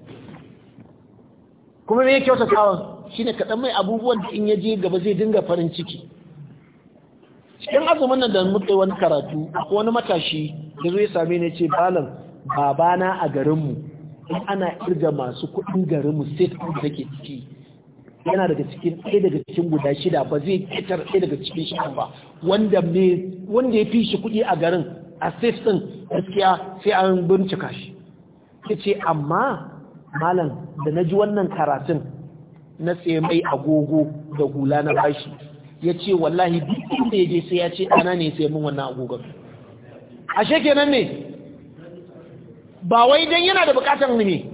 A: kuma me ya kyautatawa shi ne kaɗan mai abubuwan da in ya je gaba zai dinga farin ciki cikin azumin nan da mutai wani karatu akwai wani matashi da zo ya same ni ce balan babana a garinmu in ana irga masu kuɗin garinmu sai da take ciki yana daga cikin ɗaya daga cikin guda shida ba zai ƙetar ɗaya daga cikin shida ba wanda ya fi shi kuɗi a garin a safe ɗin gaskiya sai an bincika shi ya ce amma malam da na ji wannan karatun na tsaye mai agogo da hula na bashi ya ce wallahi duk inda ya je sai ya ce ana ne sai mun wannan agogon ashe kenan ne ba wai dan yana da bukatan ne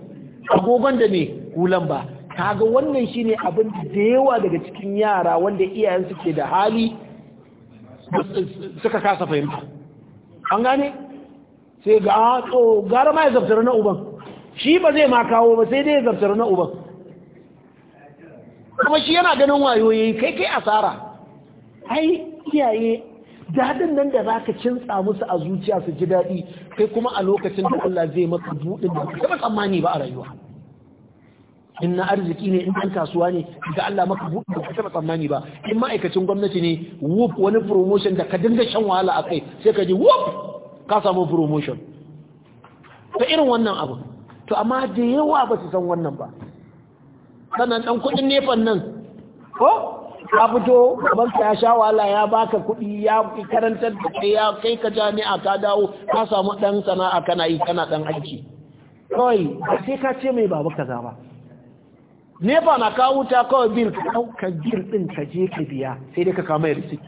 A: agogon da ne hulan ba kaga wannan shi ne abin da yawa daga cikin yara wanda iyayen suke da hali suka kasa fahimta an gane sai ga ah, to gara ma ya zaftar na uban shi ba zai ma kawo ba sai dai ya zaftar na uban kuma shi yana ganin wayoyi kai kai asara ai iyaye dadin nan da zaka cinsa musu a zuciya su ji daɗi kai kuma a lokacin da Allah zai maka buɗin da ba tsammani ba a rayuwa in na arziki ne in ɗan kasuwa ne ga Allah maka buɗe ba taɓa tsammani ba in ma'aikacin gwamnati ne wuf wani promotion da ka dinga shan wahala a kai sai ka ji wuf ka samu promotion ta irin wannan abu to amma da yawa ba su san wannan ba sannan ɗan kuɗin nefan nan ko ka fito gaban ka ya sha wahala ya baka kuɗi ya karantar da kai ya kai ka jami'a ka dawo ka samu ɗan sana'a kana yi kana ɗan aiki kawai sai ka ce mai baba kaza ba nefa na kawo wuta kawai bil ka ɗauka bil ɗin ka je ka biya sai dai ka kama ya risit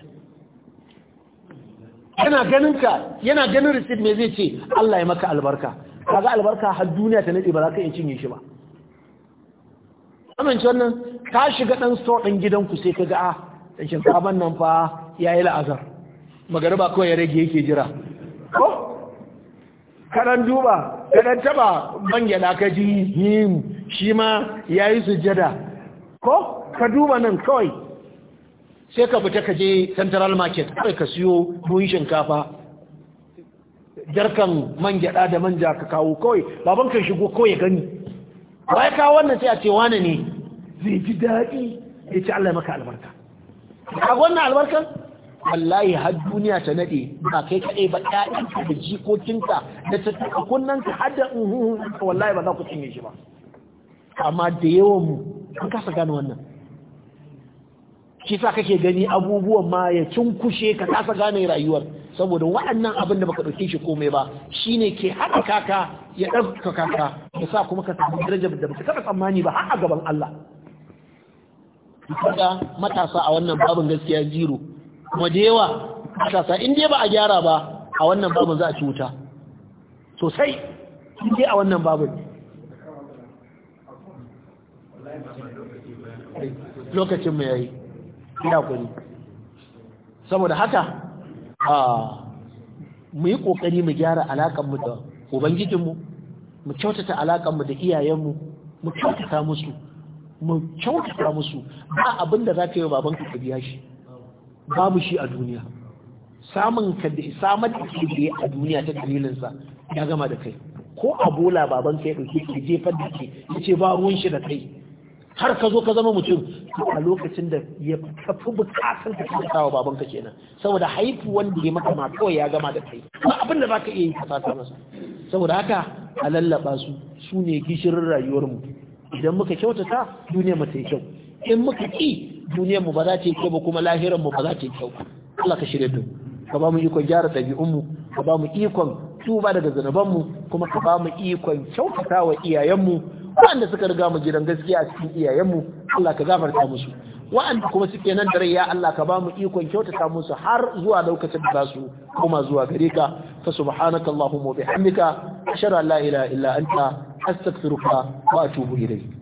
A: yana ganin ka yana ganin risit mai zai ce Allah ya maka albarka kaga albarka har duniya ta nade ba za ka iya cinye shi ba amince wannan ka shiga ɗan store ɗin ku sai ka ga a dan sabon nan fa yayi la'azar magariba kawai ya rage yake jira karan duba karan taba bangyada ka ji him shi ma ya yi sujada ko ka duba nan kawai sai ka fita ka je central market kawai ka siyo buhun shinkafa jarkan man da manja ka kawo kawai baban kan shigo ya gani Waya kawo wannan sai a ce wane ne
B: zai ji daɗi ya ce Allah maka albarka
A: a wannan albarkan wallahi har duniya ta nade ba kai kaɗai ba ƴaƴanka da jikokinka da kunnan har da wallahi ba za ku cinye shi ba amma da yawan mu an kasa gane wannan shi sa kake gani abubuwan ma ya cunkushe ka kasa gane rayuwar saboda waɗannan abin da baka ɗauke shi komai ba shine ke haɗa kaka ya ɗauka kaka ya sa kuma ka samu darajar da baka taɓa tsammani ba har a gaban Allah kaga matasa a wannan babin gaskiya jiro kuma da yawa matasa in dai ba a gyara ba a wannan babin za a ci wuta sosai in dai a wannan babin lokacin mu yayi ina kuri saboda haka a mu yi kokari mu gyara alakan mu da ubangijinmu mu kyautata alakan mu da iyayenmu mu kyautata musu mu kyautata musu ba abin da za ka yi babanka ka biya shi babu shi a duniya samun ka da samar da ke a duniya ta dalilinsa ya gama da kai ko a bola baban ka ya ɗauki ke jefar da ke ya ce ba ruwan shi da kai har ka zo ka zama mutum a lokacin da ya kafi bukatar ka kasa kawo baban ka kenan saboda haifu wanda ya maka ma kawai ya gama da kai ba abin da zaka iya yi kasa ta masa saboda haka a lallaba su su ne gishirin rayuwarmu idan muka kyautata duniya mata ya yi kyau in muka ki duniyar mu ba za ta yi kyau ba kuma lahiran mu ba za ta yi kyau Allah ka shirye mu ka ba mu ikon gyara ɗabi'un mu ka ba mu ikon tuba daga zanuban mu kuma ka ba mu ikon kyautata wa iyayen mu waɗanda suka riga mu gidan gaskiya a cikin iyayen mu Allah ka gafarta musu waɗanda kuma suke nan da rai Allah ka ba mu ikon kyautata musu har zuwa lokacin da za su koma zuwa gare ka fa subhanaka allahumma bihamdika ashhadu an la ilaha illa anta astaghfiruka wa atubu ilayk